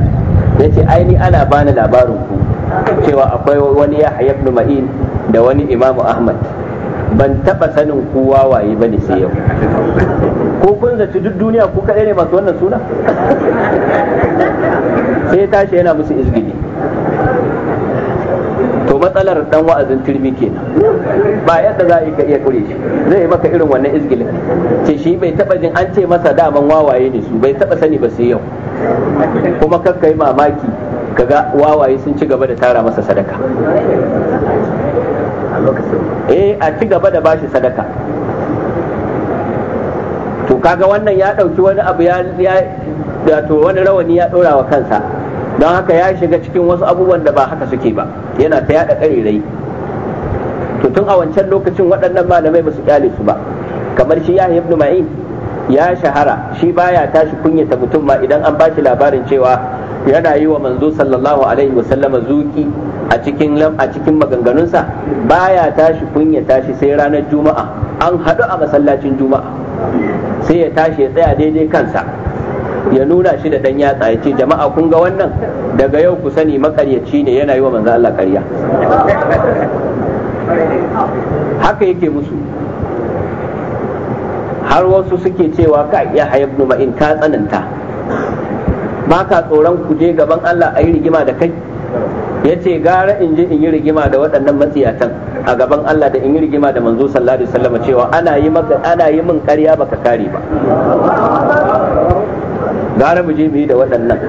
ya ce aini ana bani labarin ku cewa akwai wani ya ibn ma'in da wani imamu ahmad ban taba sanin kowa waye ba ne sai yau ko kun zaci duk duniya ku kaɗai ne masu wannan suna sai ya tashi yana musu izgidi to matsalar dan wa'azin turmi kenan ba yadda za ka iya kure shi zai yi maka irin wannan izgilin ce shi bai taba jin an ce masa daman wawaye ne su bai taba sani ba sai yau kuma kakka yi mamaki kaga wawaye sun ci gaba da tara masa sadaka eh a ci gaba da bashi sadaka to kaga wannan ya dauki wani abu ya wani rawani ya dora wa kansa don haka ya shiga cikin wasu abubuwan da ba haka suke ba yana ta yada karerai to tun a wancan lokacin waɗannan malamai ba su kyale su ba kamar shi yahya ibn ma'in ya shahara shi baya tashi kunyata mutum ma idan an ba shi labarin cewa yana yi wa manzo sallallahu alaihi wasallama zuki a cikin a cikin maganganunsa baya tashi kunyata tashi, sai ranar juma'a an haɗu a masallacin juma'a sai ya tashi ya tsaya daidai kansa ya nuna shi da dan yatsa ya ce jama'a kun ga wannan daga yau ku sani makaryaci ne yana yi wa manzo Allah ƙarya haka yake musu har wasu suke cewa ka iya hayab in ka tsananta ba ka tsoron ku je gaban Allah a yi rigima da kai ya ce gara in je in yi rigima da waɗannan matsiyatan a gaban Allah da in yi rigima da manzo sallallahu alaihi wasallam cewa ana yi maka ana yi min ƙarya baka kare ba gara mu je mu da waɗannan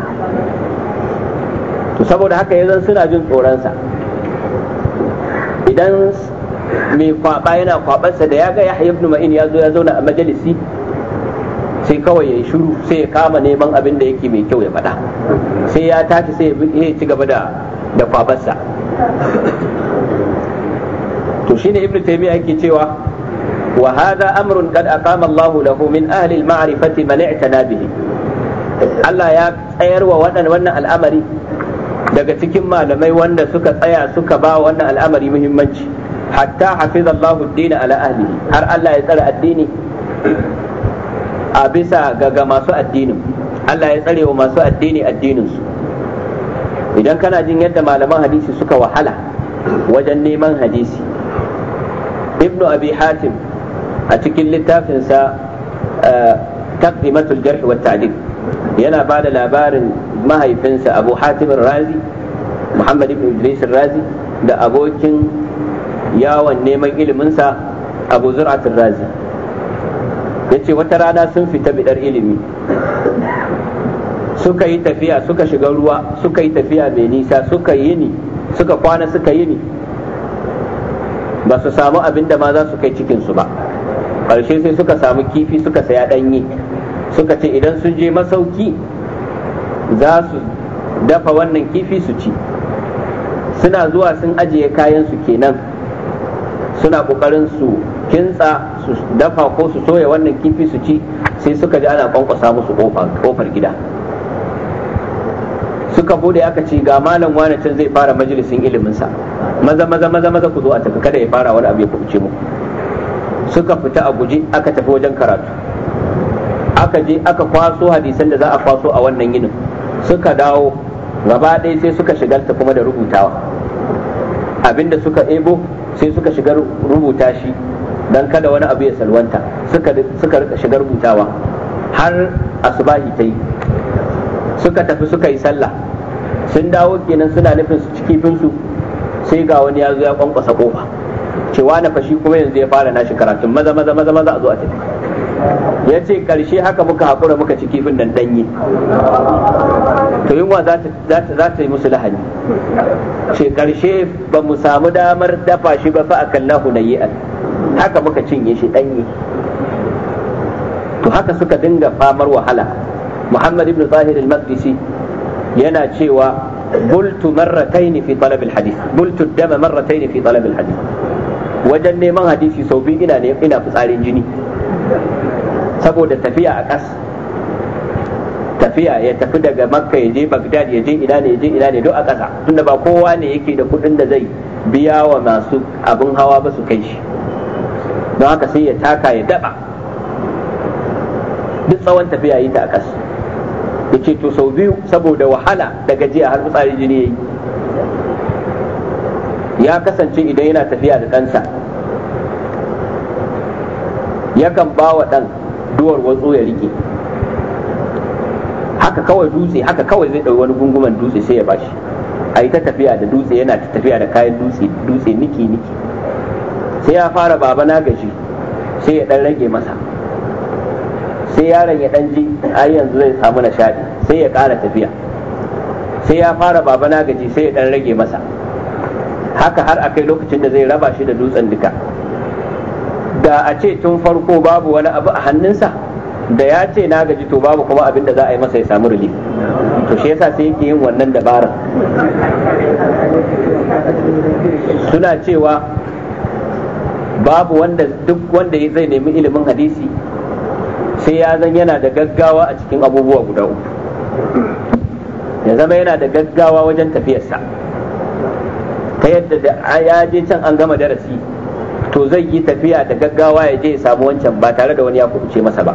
to saboda haka yanzu suna jin tsoronsa idan mai kwaba yana kwabansa da ya ga yahya ibn ma'in ya zo ya zauna a majalisi sai kawai ya shiru sai ya kama neman abin da yake mai kyau ya faɗa sai ya tashi sai ya ci gaba da da kwabarsa to shine ibn taymiya yake cewa wa hadha amrun qad aqama Allahu lahu min ahli al-ma'rifati man i'tana bihi Allah ya tsayar wa wannan al'amari daga cikin malamai wanda suka tsaya suka ba wannan al'amari muhimmanci hatta hafizallahu Allah din ala ahlihi har Allah ya tsara addini a bisa ga masu addinin Allah ya tsare wa masu addini addinin su idan kana jin yadda malaman hadisi suka wahala wajen neman hadisi ibn abi hatim a cikin littafinsa eh, taqdimatul jarh wa ta'dil yana ba da labarin mahaifinsa abu hatimin razi muhammad ibn idris razi da abokin yawon neman iliminsa abu zuratun razi ya ce wata rana sun fita bidar ilimi suka yi tafiya suka shiga ruwa suka yi tafiya mai nisa suka yi ni suka kwana suka yi ni ba su samu abin da ma za su kai cikinsu ba ƙarshe sai suka samu kifi suka saya ɗanyi suka ce idan sun je masauki za su dafa wannan kifi su ci suna zuwa sun ajiye kayan su kenan suna kokarin su kintsa su dafa ko su soya wannan kifi su ci sai suka ji ana kwankwasa musu kofar gida suka bude aka ce ga malam wani can zai fara majalisin iliminsa maza maza maza maza ku zo a tafi kada ya fara wani abu ya kubuce muku suka fita a guje aka tafi wajen karatu aka je aka kwaso hadisan da za a kwaso a wannan yinin suka dawo gaba ɗaya sai suka shigarta kuma da rubutawa abinda suka ebo sai suka shigar rubuta shi don kada wani abu ya salwanta suka rika shigar rubutawa har asubahi ta yi suka tafi suka yi sallah sun dawo kenan suna nufin su cikin su sai ga wani ya zo ya kwankwasa kofa cewa na fashi kuma yanzu ya fara nashi karatun maza maza maza maza a zo a tafi ya ce ƙarshe haka muka haƙura muka ci kifin nan danye to yunwa za ta yi musu lahani ce ƙarshe ba mu samu damar dafa shi ba fa akan lahu na yi'an haka muka cinye shi danye to haka suka dinga famar wahala muhammad ibn zahir al-maqdisi yana cewa bultu marrataini fi talab al-hadith bultu dama marrataini fi talab al-hadith wajen neman hadisi sau biyu ina ina fitsarin jini saboda tafiya a ƙas tafiya ya tafi daga makka ya je bagdad ya je ina ne ya je ina ne duk a ƙasa tunda ba kowa ne yake da kuɗin da zai biya wa masu abin hawa ba su kai shi don haka sai ya taka ya daba duk tsawon tafiya yi ta a ƙasa ya ce to sau biyu saboda wahala da gajiya har fitsarin jini ya yi ya kasance idan yana tafiya da ɗansa yakan ba wa ɗan duwar wanzu ya rike haka kawai dutse haka kawai zai ɗauki wani gunguman dutse sai ya bashi a yi ta tafiya da dutse yana ta tafiya da kayan dutse dutse niki niki sai ya fara baba na gaji sai ya ɗan rage masa sai yaron ya ɗan ji ai yanzu zai samu nishaɗi sai ya ƙara tafiya sai ya fara baba na gaji sai ya ɗan rage masa haka har a kai lokacin da zai raba shi da dutsen duka da a ce tun farko babu wani abu a hannunsa da ya ce na gaji to babu kuma abin da za a yi masa ya samu rili to shi yasa sai yake yin wannan dabarar suna cewa babu wanda duk wanda zai nemi ilimin hadisi sai ya zan yana da gaggawa a cikin abubuwa guda uku ya zama yana da gaggawa wajen tafiyarsa ta yadda da ya je can an gama darasi to zai yi tafiya da gaggawa ya je ya samu wancan ba tare da wani ya kubuce masa ba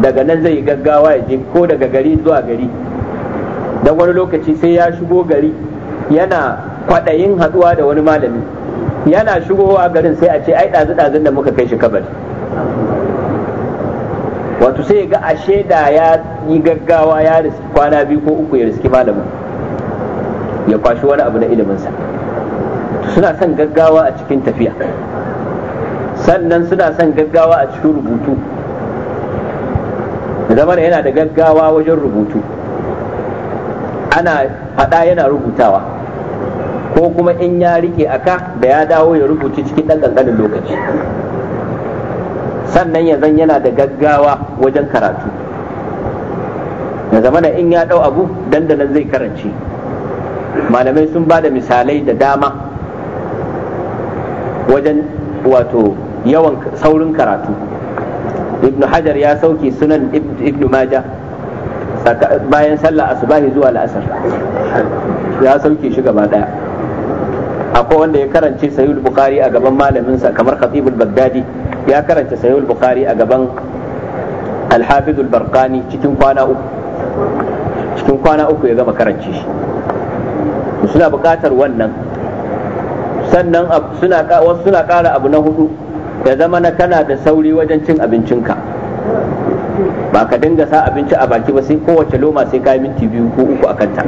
daga nan zai yi gaggawa ya je ko daga gari zuwa gari dan wani lokaci sai ya shigo gari yana kwaɗayin haɗuwa da wani malami yana shigowa garin sai a ce ai ɗazu ɗazun da muka kai shi kabari wato sai ga ashe da ya yi gaggawa ya riski kwana biyu ko uku ya riski malamin ya kwashi wani abu na iliminsa suna son gaggawa a cikin tafiya sannan suna son gaggawa a cikin rubutu zama yana da gaggawa wajen rubutu ana faɗa yana rubutawa ko kuma in ya rike aka da ya dawo ya rubuci cikin ɗan ƙanƙanin lokaci sannan ya zan yana da gaggawa wajen karatu ya zama da in ya ɗau abu dandalin zai karanci malamai sun ba da misalai da dama wajen wato yawan saurin karatu ibnu hajar ya sauke sunan ibnu maja bayan sallah asubahi zuwa la'asar ya sauke shi gaba daya akwai wanda ya karance sayul bukhari a gaban malaminsa kamar khatibul bagdadi ya karanta sayul bukhari a gaban alhafizul barkani cikin kwana uku cikin kwana uku ya gama karance shi suna buƙatar wannan sannan wasu suna ƙara abu na hudu ya zama na kana da sauri wajen cin abincinka ba ka dinga sa abinci a baki ba sai kowace loma sai ka yi minti biyu ko uku a kanta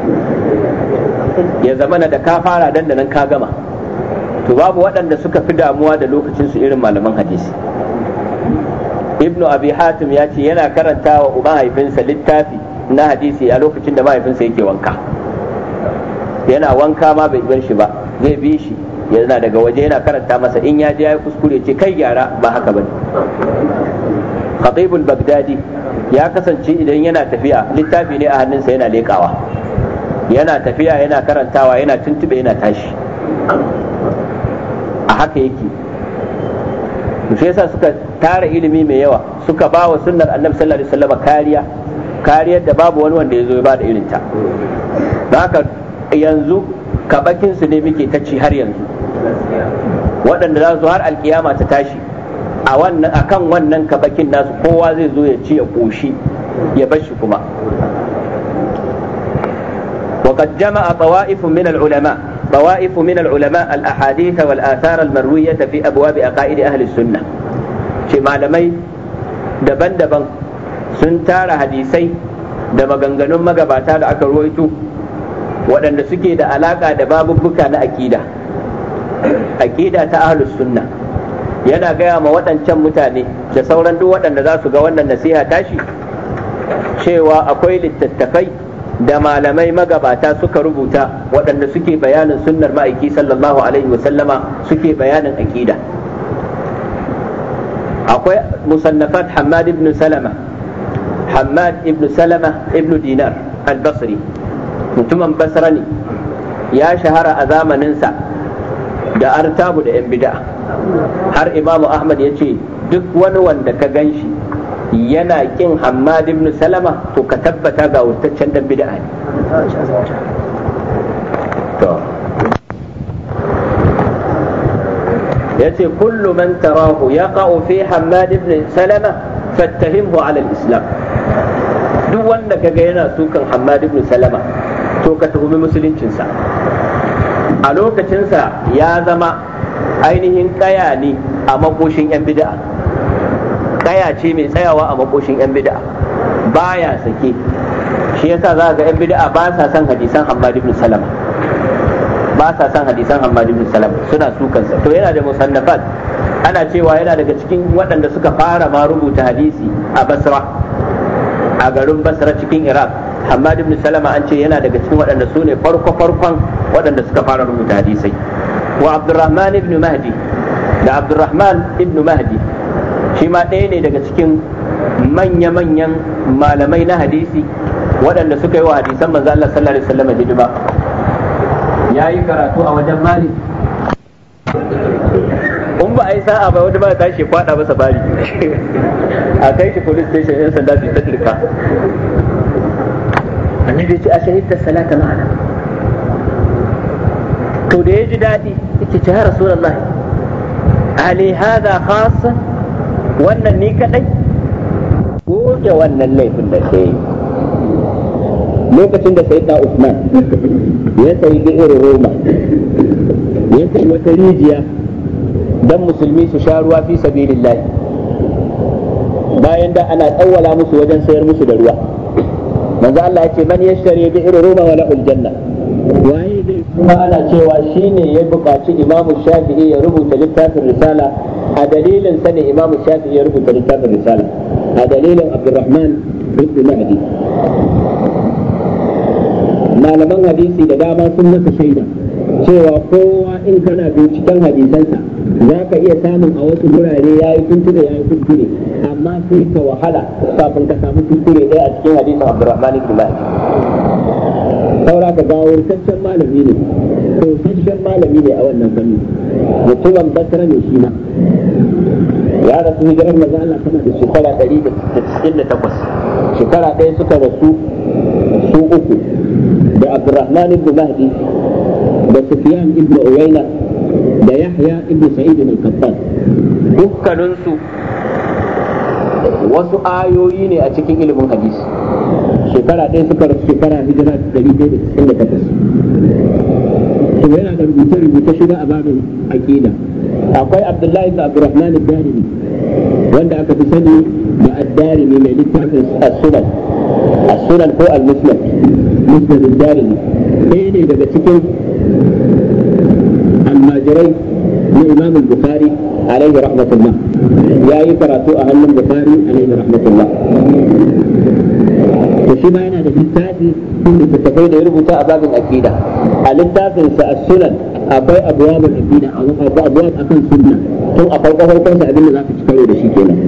ya zama na da ka fara dan da nan ka gama to babu waɗanda suka fi damuwa da lokacinsu irin malaman hadisi ibnu abi hatim ya ce yana karanta wa mahaifinsa littafi na hadisi a lokacin da mahaifinsa yake wanka yana wanka ma bai bar shi ba zai bi shi yana daga waje yana karanta masa in ya je ya kuskure ce kai gyara ba haka bane khatibul bagdadi ya kasance idan yana tafiya littafi ne a hannunsa yana lekawa yana tafiya yana karantawa yana tuntube yana tashi a haka yake shi yasa suka tara ilimi mai yawa suka ba wa sunnar annabi sallallahu alaihi wasallam kariya kariyar da babu wani wanda ya zo ba da irinta haka yanzu kabakin ne muke ta ci har yanzu waɗanda za su har alkiyama ta tashi a kan wannan kabakin nasu kowa zai zo ya ci ya koshi ya bar shi kuma وقد جمع طوائف من العلماء طوائف من العلماء الأحاديث والآثار المروية في أبواب أقائد أهل السنة شي معلمي دبن دبن سنتار حديثي da maganganun magabata da aka ruwaito waɗanda suke da alaƙa da babubbuka na aƙida aqida ta ahlus sunna yana gaya ma waɗancan mutane da sauran duk waɗanda za su ga wannan nasiha tashi cewa akwai littattafai da malamai magabata suka rubuta waɗanda suke bayanin sunnar ma'aiki sallallahu alaihi wasallama suke bayanin aƙida akwai musannafat hamad ibn salama hamad ibn salama ibn dinar al-basri mutumin basra ne ya shahara a zamanin sa. da artabu da yan bid'a har imamu ahmad ya ce duk wani wanda ka gan shi yana kin hammad ibn salama to ka tabbata ga wutaccen dan bid'a ne yace kullu man tarahu yaqa'u fi hammad ibn salama fattahimhu ala islam duk wanda ka ga yana sukan hammad ibn salama to ka tuhumi musuluncinsa a lokacinsa ya zama ainihin kaya ne a makoshin 'yan bida'a. kaya ce mai tsayawa a makoshin 'yan bid'a baya sake shi yasa za ga 'yan bida'a? ba sa son hadisan Hammad bin Salama ba sa son hadisan Hammad bin Salama suna sukansa to yana da musannafat ana cewa yana daga cikin waɗanda suka fara ma rubuta hadisi a Basra a garin Basra cikin Iraq Hamad ibn Salama an ce yana daga cikin waɗanda su ne farko farkon waɗanda suka fara rubuta hadisai wa Abdurrahman ibn Mahdi da Abdurrahman ibn Mahdi shi ma ɗaya ne daga cikin manya-manyan malamai na hadisi waɗanda suka yi wa hadisan manzo Allah sallallahu alaihi wasallam hidima yi karatu a wajen mali? in ba a yi sa'a ba wata ba tashi kwada masa bari a kai shi police station yan sanda su ta dirka annabi ce a shahidta salata ma'ana to da ya ji daɗi yake ce ya rasulullahi ali hada khassa wannan ni kadai goge wannan laifin da ke yi lokacin da sai ta usman ya sayi irin roma ya sayi wata rijiya don musulmi su sha ruwa fi sabilillahi bayan da ana tsawwala musu wajen sayar musu da ruwa manzo Allah yace man yashtari bi ruma wa lahul aljanna. waye zai kuma ana cewa shine ya buƙaci Imam Shafi'i ya rubuta littafin risala a dalilin sani ne Imam Shafi'i ya rubuta littafin risala a dalilin Abdurrahman ibn Mahdi malaman hadisi da dama sun masa shaida cewa kowa in kana binciken hadisansa za ka iya samun a wasu wurare ya yi kuskure ya yi kuskure amma sai ka wahala kafin ka samu kuskure ɗaya a cikin hadisin abdurrahman ibn malik saura ka ga wurtaccen malami ne wurtaccen malami ne a wannan fanni mutumin basra ne shi ma ya rasu hijirar maza Allah sama da shekara ɗari da cikin da takwas shekara ɗaya suka rasu su uku da abdurrahman ibn mahdi da sufyan ibn uwaina da yahya ibn sa'id al-qattan dukkaninsu wasu ayoyi ne a cikin ilimin hadisi shekara ɗaya suka rasu shekara hijira ɗari ɗaya da cikin da to yana da rubuce-rubuce shiga a babin aƙida akwai abdullahi ibn abdurrahman al-darimi wanda aka fi sani da ad-darimi mai littafin as-sunan as-sunan ko al-musnad musnad ad-darimi ɗaya ne daga cikin almajirai na imam bukhari alaihi rahmatullah yayi karatu a hannun bukhari alaihi rahmatullah to shi ma yana da littafi littattafai da ya rubuta a babin akida a littafin sa sunan akwai abwabul akida akwai abwab akan sunna tun a farko farkon sa abin da zaka ci karo da shi kenan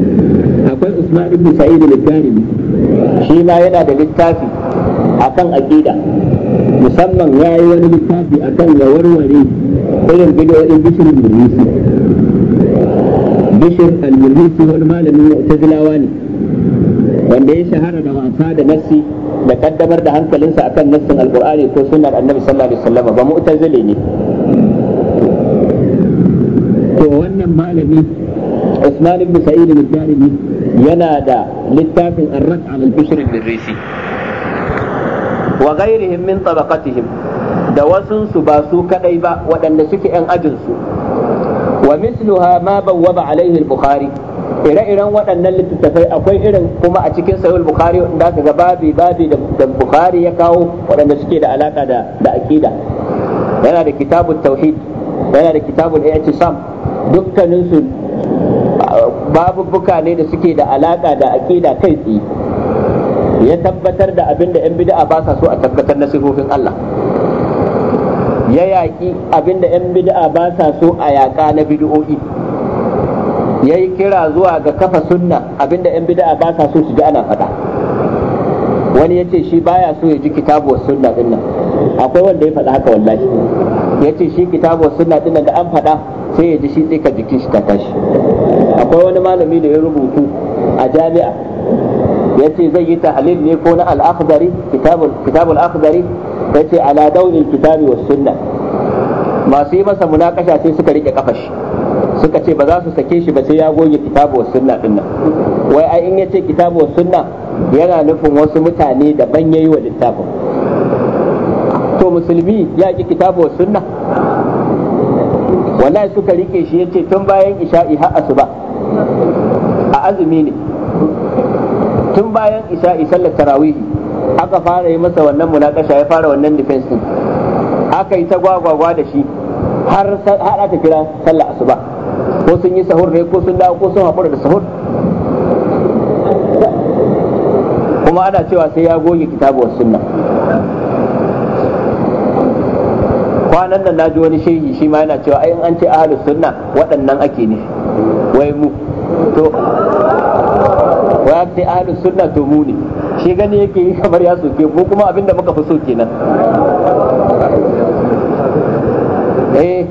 akwai usman ibn sa'id al shi ma yana da littafi akan akida musamman yayi wani littafi akan ya warware خير بدو بشر المريسي بشر المريسي هو المال من المعتزلة واني وان ليس هذا ده نفسي لقد دمر عنك انك لنسى اكن نفس القرآن وسنة النبي صلى الله عليه وسلم ومؤتزليني وانا من عثمان بن سعيد بن ينادى للتافه الرد على البشر المريسي وغيرهم من طبقتهم da wasunsu ba su kadai ba waɗanda suke 'yan ajinsu wa misluha ma bawwaba alaihi al-bukhari ire-iren waɗannan littattafai akwai irin kuma a cikin sahih bukhari da aka babi babi da bukhari ya kawo waɗanda suke da alaƙa da da aqida yana da kitabun tauhid yana da kitabul i'tisam Sam. Dukkaninsu uh, babubbuka ne da suke da alaƙa da aƙida kai tsaye ya tabbatar da abin da 'yan bid'a ba sa so a tabbatar na sifofin Allah ya yaƙi abinda 'yan bid'a ba sa so a yaƙa na bid'o'i ya yi kira zuwa ga kafa sunna abinda 'yan bid'a ba sa so su ji ana faɗa wani ya ce shi baya so ya ji kitabu sunna dinnan. nan akwai wanda ya faɗa haka wallahi ya ce shi kitabu sunna dinnan nan da an faɗa sai ya ji shi tsika jikin shi ta tashi akwai wani malami da ya rubutu a jami'a ya ce zai yi tahalil ne ko na al'akhdari kitabul kitabul akhdari yace ala daunil kitabi was sunna masu yi masa munakasha sai suka rike kafar shi suka ce ba za su sake shi ba sai ya goge kitabu was sunna din nan wai ai in yace kitabu was sunna yana nufin wasu mutane da ban yayi wa littafin to musulmi ya ki kitabu was sunna wallahi suka rike shi yace tun bayan isha'i har asuba a azumi ne tun bayan isha'i sallar tarawih aka fara yi masa wannan munakasha ya fara wannan defense din aka yi ta gwagwagwa da shi har har ta kira sallah asuba ko sun yi sahur ne ko sun dawo ko sun haƙura da sahur kuma ana cewa sai ya goge kitabu wa sunna kwanan nan na ji wani shehi shi ma yana cewa ai in an ce ahlus sunna waɗannan ake ne wai mu to wai an ce ahlus sunna to mu ne shi gani yake yi kamar ya soke ko kuma abin da muka fi so kenan eh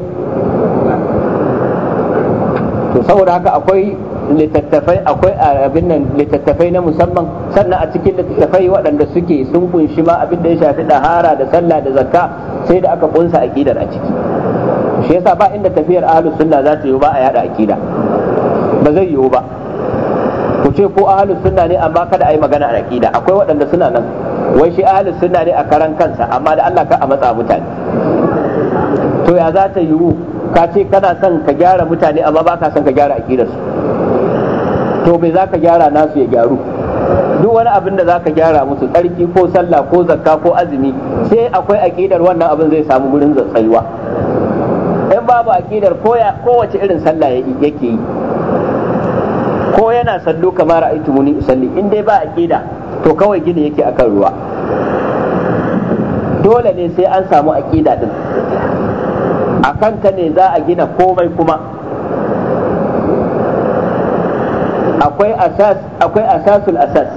to saboda haka akwai litattafai akwai ah, abin nan litattafai na musamman sannan a cikin litattafai waɗanda suke sun kunshi ma abin da ya shafi dahara da sallah da zakka sai da aka kunsa aqidar a ciki shi yasa ba inda tafiyar ahlus sunna za ta yi ba a yada aqida ba zai yiwu ba ce ko ahalus sunna ne amma kada a yi magana a aqida akwai waɗanda suna nan wai shi ahalus sunna ne a karan kansa amma da Allah ka a matsa mutane to ya za ta yiwu ka ce kana son ka gyara mutane amma ba ka son ka gyara su to me za ka gyara nasu ya gyaru duk wani abin da za ka gyara musu tsarki ko sallah ko zakka ko azumi sai akwai aƙidar wannan abin zai samu gurin zatsaiwa in babu aƙidar kowace irin sallah yake yi ko yana sallo kamar ra'aytu muni usalli in dai ba aqida to kawai gini yake akan ruwa dole ne sai an samu aqida din akan ka ne za a gina komai kuma akwai asas akwai asasul asas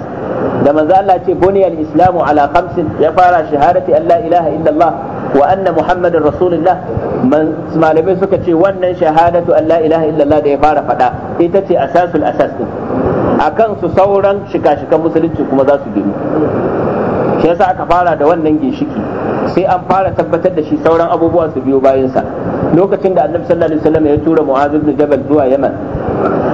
da manzo Allah ce buniyal islamu ala khamsin ya fara shahadati an ilaha illallah wa anna muhammadin rasulullah malamai suka ce wannan shahadatu Allah ilaha illallah da ya fara fada. ita ce asasul asas din akan su sauran shika-shikan musulunci kuma za su gini shi yasa aka fara da wannan ginshiki sai an fara tabbatar da shi sauran abubuwa su biyo bayansa lokacin da annabi sallallahu alaihi wasallam ya tura mu'adh ibn jabal zuwa yaman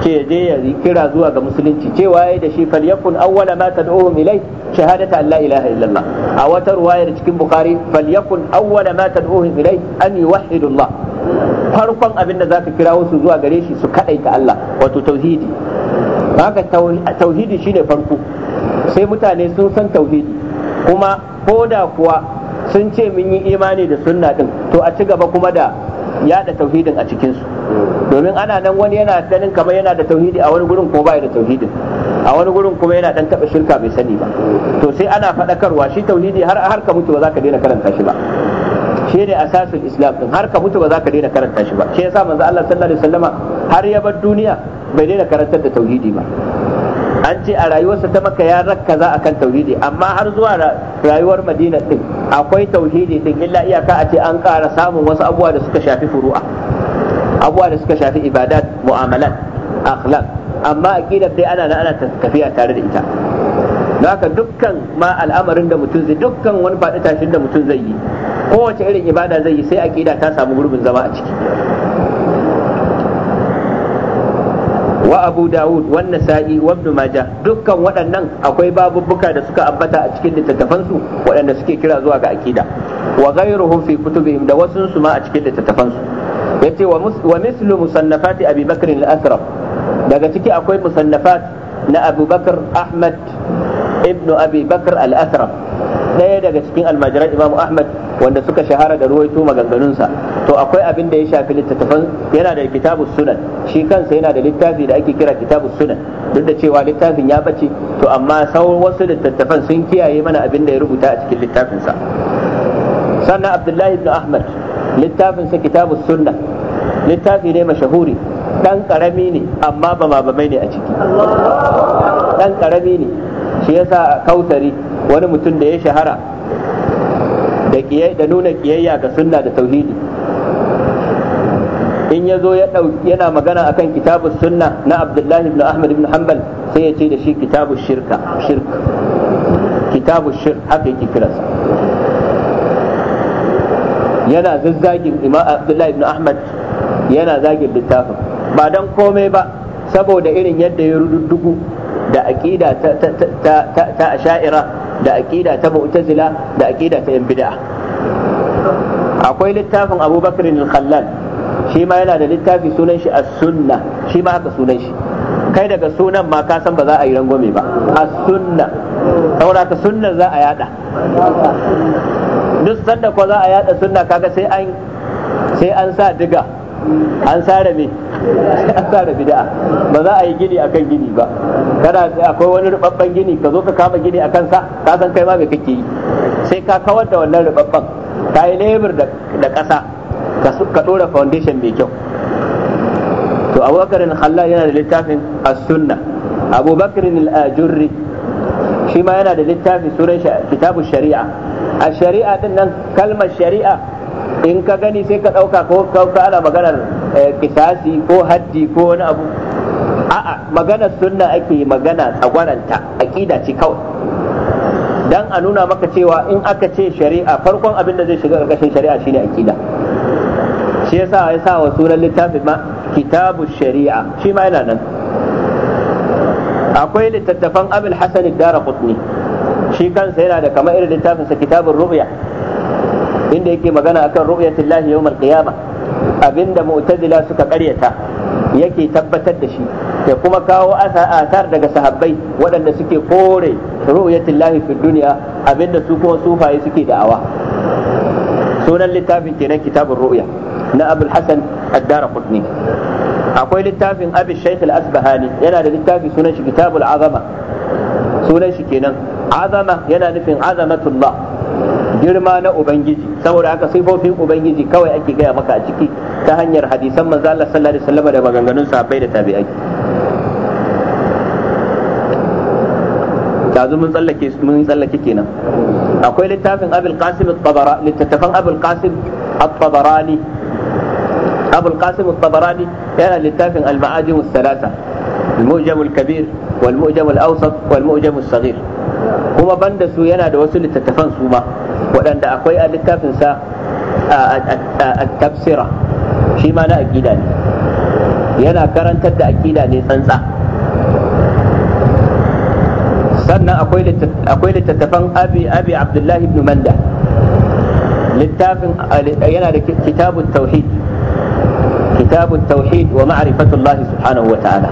ce je ya kira zuwa ga musulunci cewa yayi da shi falyakun awwala ma tad'uhum ilai shahadata an la ilaha illallah a wata ruwayar cikin bukhari falyakun awwala ma tad'uhum ilai an yuwahhidullah farkon abin da zaka kira wasu zuwa gare shi su kadaita Allah wato tauhidi haka tauhidi shine farko sai mutane sun san tauhidi kuma ko da kuwa sun ce mun yi imani da sunna din to a ci gaba kuma da yada tauhidin a cikinsu domin ana nan wani yana ganin kamar yana da tauhidi a wani gurin kuma ba da tauhidin a wani gurin kuma yana dan taba shirka bai sani ba to sai ana faɗakarwa shi tauhidi har har ka mutu ba za ka daina karanta shi ba shi ne asasin islam din har ka mutu ba za ka daina karanta shi ba shi yasa manzo Allah sallallahu alaihi wasallama har ya bar duniya bai daina karantar da tauhidi ba an ce a rayuwarsa ta maka ya rakkaza kan tauhidi amma har zuwa rayuwar madina din akwai tauhidi din illa iyaka a ce an ƙara samun wasu abubuwa da suka shafi furu'a abuwa da suka shafi ibadat mu'amalat akhlaq amma akida dai ana ana tafiya tare da ita don haka dukkan ma al'amarin da mutum zai dukkan wani faɗi tashin da mutum zai yi kowace irin ibada zai yi sai akida ta samu gurbin zama a ciki wa abu dawud wa nasa'i wa ibn majah dukkan waɗannan akwai babubbuka da suka ambata a cikin littattafansu waɗanda suke kira zuwa ga akida wa ghayruhum fi kutubihim da wasu su ma a cikin littattafansu yace wa mislu musannafati abi bakr al asraf daga ciki akwai musannafat na abu bakr ahmad ibn abi bakr al asraf daya daga cikin almajiran imamu ahmad wanda suka shahara da ruwaito sa to akwai abin da ya shafi littattafan yana da kitabus sunan shi kansa yana da littafi da ake kira kitabus sunan duk da cewa littafin ya bace to amma sauran wasu littattafan sun kiyaye mana abin da ya rubuta a cikin littafinsa sannan abdullahi ibn ahmad littafin sa kitabus sunna littafi ne mashahuri dan karami ne amma ba ma bamai ne a ciki dan karami ne shi yasa kautari wani mutum da ya shahara da nuna kiyayya ga sunna da tauhidi in ya zo yana magana akan kitabu sunna na abdullahi ibn ahmad ibn hanbal sai ya ce da shi kitabu shirka shirka kitabu shirka. haka yake yana zazzagin imam abdullahi ibn ahmad yana zagin littafin ba don komai ba saboda irin yadda ya rududdugu da aqida ta a asha'ira da aqida ta mu'tazila da aqida ta yan bid'a akwai littafin abubakar al-khallal shi ma yana da littafi sunan shi as-sunna shi ma haka sunan shi kai daga sunan ma ka san ba za a yi rangwame ba as-sunna saboda ka za a yada duk sanda ko za a yada sunna kaga sai an sai an sa diga an sare me an sare bid'a ba za a yi gini akan gini ba kana akwai wani rubabban gini ka zo ka kama gini akan sa ka san kai ma me kake yi sai ka kawar da wannan rubabban ka yi lebur da ƙasa ka ɗora foundation mai kyau to abubakar al-khallal yana da littafin as-sunna abubakar al-ajurri shi ma yana da littafi sunan kitabu shari'a a shari'a din nan kalmar shari'a in ka gani sai ka ɗauka ko ka ana maganar eh, kisasi ko haddi ko wani abu a'a maganar sunna ake magana tsagwaranta aƙida ce kawai dan a nuna maka cewa in aka ce shari'a farkon abin da zai shiga ƙarƙashin shari'a shine aƙida shi yasa ya sa wa sunan littafin ma kitabu shari'a shi ma yana nan akwai littattafan abul hasan dara qutni shi kansa yana da kamar irin littafin sa kitabun ru'ya inda yake magana akan ru'yatul lahi yawmal qiyama abinda mu'tazila suka karyata yake tabbatar da shi ya kuma kawo asar daga sahabbai waɗanda suke kore ru'yatul lahi fi dunya abinda su kuma sufaye suke da'awa sunan littafin kenan kitabun ru'ya na abul hasan ad akwai littafin abin shaykh al-asbahani yana da littafi sunan shi kitabul azama sunan shi kenan azama yana nufin azamatullah girma na ubangiji saboda haka sifofin ubangiji kawai ake gaya maka a ciki ta hanyar hadisan manzo Allah sallallahu alaihi wasallam da maganganun sahabbai da tabi'ai yanzu mun tsallake mun tsallake kenan akwai littafin abul qasim at-tabara littafin abul qasim at-tabarani abul qasim at yana littafin al-ma'ajim as-salasa al-mu'jam al-kabir wal mu'jam kuma banda su yana da wasu littattafan su waɗanda akwai a littafin sa tafsira shi ma na aqida ne yana karantar da ne tsantsa sannan akwai abdullahi manda littafin yana da kitabun tauhid كتاب التوحيد ومعرفة الله سبحانه وتعالى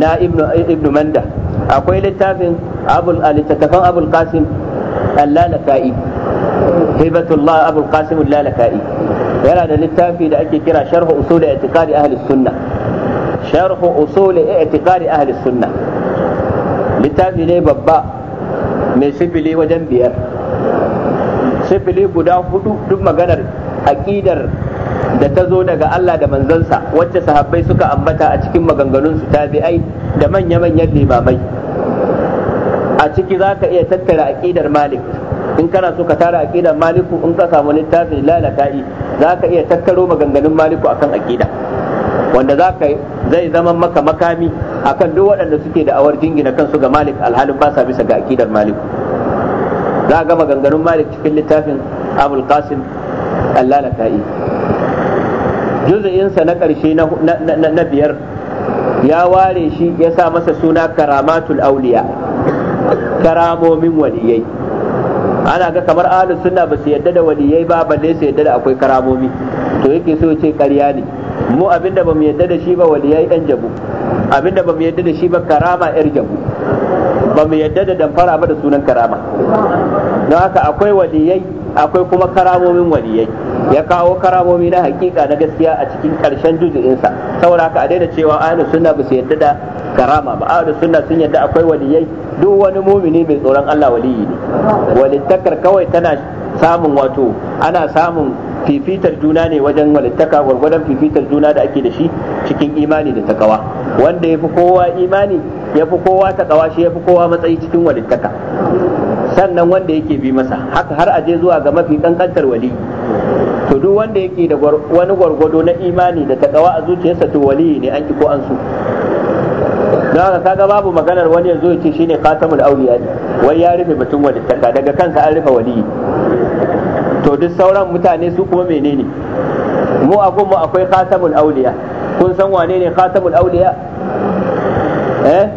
نا ابن ابن مندة أقول للتافن أبو للتتفن أبو القاسم اللالكائي هبة الله أبو القاسم اللالكائي yana da littafi da ake kira sharhu usul i'tiqadi ahli sunna sharhu usul i'tiqadi ahli sunna littafi ne babba mai sifili wajen biyar sifili guda hudu duk maganar aƙidar da ta zo daga Allah da manzansa wacce sahabbai suka ambata a cikin maganganunsu tabi'ai da manya-manyan limamai a ciki za ka iya tattara aqidar malik in kana so ka tara aqidar maliku in ka samu littafin lalata'i za ka iya tattaro maganganun maliku akan aqida wanda za ka zai zama maka makami akan duk waɗanda suke da awar jingina kansu ga malik alhalin ba sa bisa ga aqidar malik za ga maganganun malik cikin littafin abul qasim al-lalata'i juz'insa na ƙarshe na biyar ya ware shi ya sa masa suna karamatul auliya karamomin waliyai ana ga kamar ahlus sunna ba su yadda da waliyai ba balle su yadda da akwai karamomi to yake so ya ce ƙarya ne mu abinda ba mu yadda da shi ba waliyai ɗan jabu abinda ba mu yadda da shi ba karama yar jabu ba mu yadda da damfara ba da sunan karama don haka akwai waliyai akwai kuma karamomin waliyai ya kawo karamomi na hakika na gaskiya a cikin karshen juzu'insa saboda haka a daina cewa ahlus sunna ba su yadda da karama ba ahlus sunna sun yadda akwai waliyai duk wani mumini mai tsoron Allah waliyi ne walittakar kawai tana samun wato ana samun fifitar juna ne wajen walittaka gwargwadon fifitar juna da ake da shi cikin imani da takawa wanda ya fi kowa imani ya fi kowa takawa shi ya fi kowa matsayi cikin walittaka sannan wanda yake bi masa haka har aje zuwa ga mafi kankantar wali to duk wanda yake da wani gwargwado na imani da ta kawa a zuciyarsa to wali ne an ki ko an su don haka kaga babu maganar wani yanzu ya ce shine khatamul awliya ne wai ya rufe wani walittaka daga kansa an rufe wali to duk sauran mutane su kuma menene mu a mu akwai khatamul awliya kun san wane ne khatamul awliya eh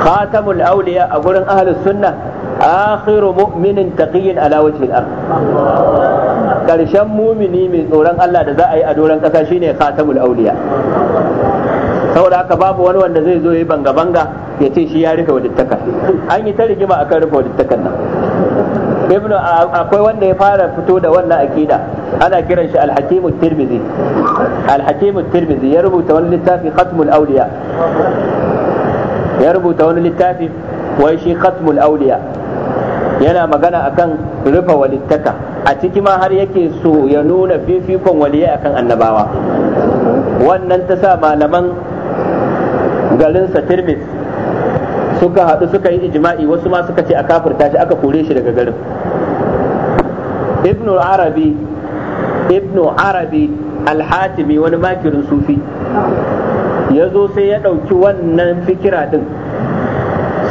khatamul awliya a gurin ahlus sunnah akhiru مؤمن تقي على وجه al-ard karshen من mai tsoron Allah da za a yi a doron kasa saboda haka babu wani wanda zai zo yi banga banga ya ce shi ya rufe wadittaka an yi ta rigima a kan rufe wadittakan nan ibnu akwai wanda ya fara fito da wannan akida ana kiran shi al-hakimu tirmidhi al-hakimu tirmidhi ya rubuta wani littafi khatmul awliya ya rubuta wani littafi wai shi khatmul awliya yana magana akan rufe walittaka a ciki ma har yake so ya nuna fifikon waliyai akan annabawa wannan ta sa malaman sa tirmis suka haɗu suka yi ijma'i wasu ma suka ce a kafirta shi aka kore shi daga garin ibnu arabi ibnu arabi alhatimi wani makirin sufi ya zo sai ya ɗauki wannan fikira din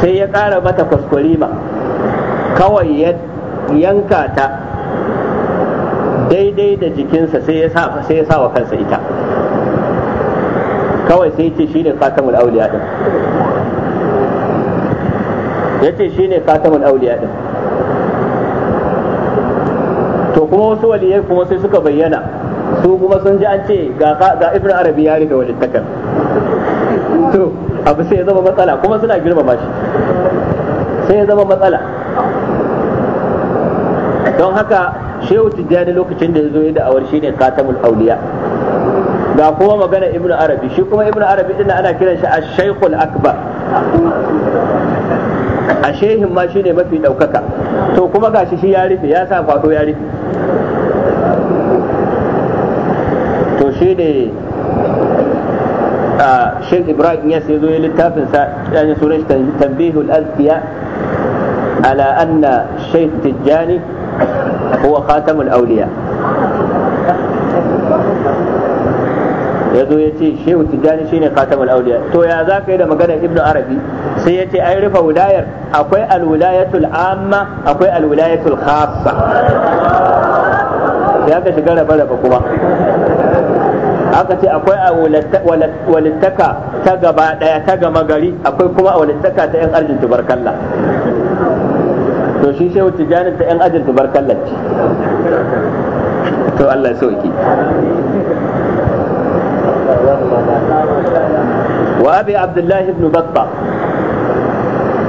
sai ya ƙara mata kwaskwarima kawai ya yanka ta daidai da jikinsa sai ya sa wa kansa ita kawai sai ce shi ne khatamul auliya din yace ne khatamul auliya din to kuma wasu waliyai kuma sai suka bayyana su kuma sun ji an ce ga ibn arabi ya rika walittakar to abu sai ya zama matsala kuma suna girmama shi sai ya zama matsala don haka shehu tijjani lokacin da ya zo ya da'awar ne katamul auliya ga kuma magana ibnu arabi shi kuma ibnu arabi din ana kiran shi ash-shaykhul akbar a shehin ma shi ne mafi daukaka to kuma gashi shi ya rufe ya sa kwato ya rufe to shi ne Shek Ibrahim ya sai zo ya littafin sa yana sunan shi tanbihul azkiya ala anna Sheikh Tijjani هو khatamul auliya ya zo ya ce shehu tijjani shine khatamul auliya to ya za ka yi da maganar ibnu arabi sai ya ce ai rufe wilayar akwai alwilayatul amma akwai alwilayatul khassa ya ka shiga raba raba kuma aka ce akwai a walittaka ta gaba daya ta gama gari akwai kuma a walittaka ta yan arjin tubarkalla to shi shehu tijani ta yan ajin to Allah ya sauki wa abi abdullah ibn batta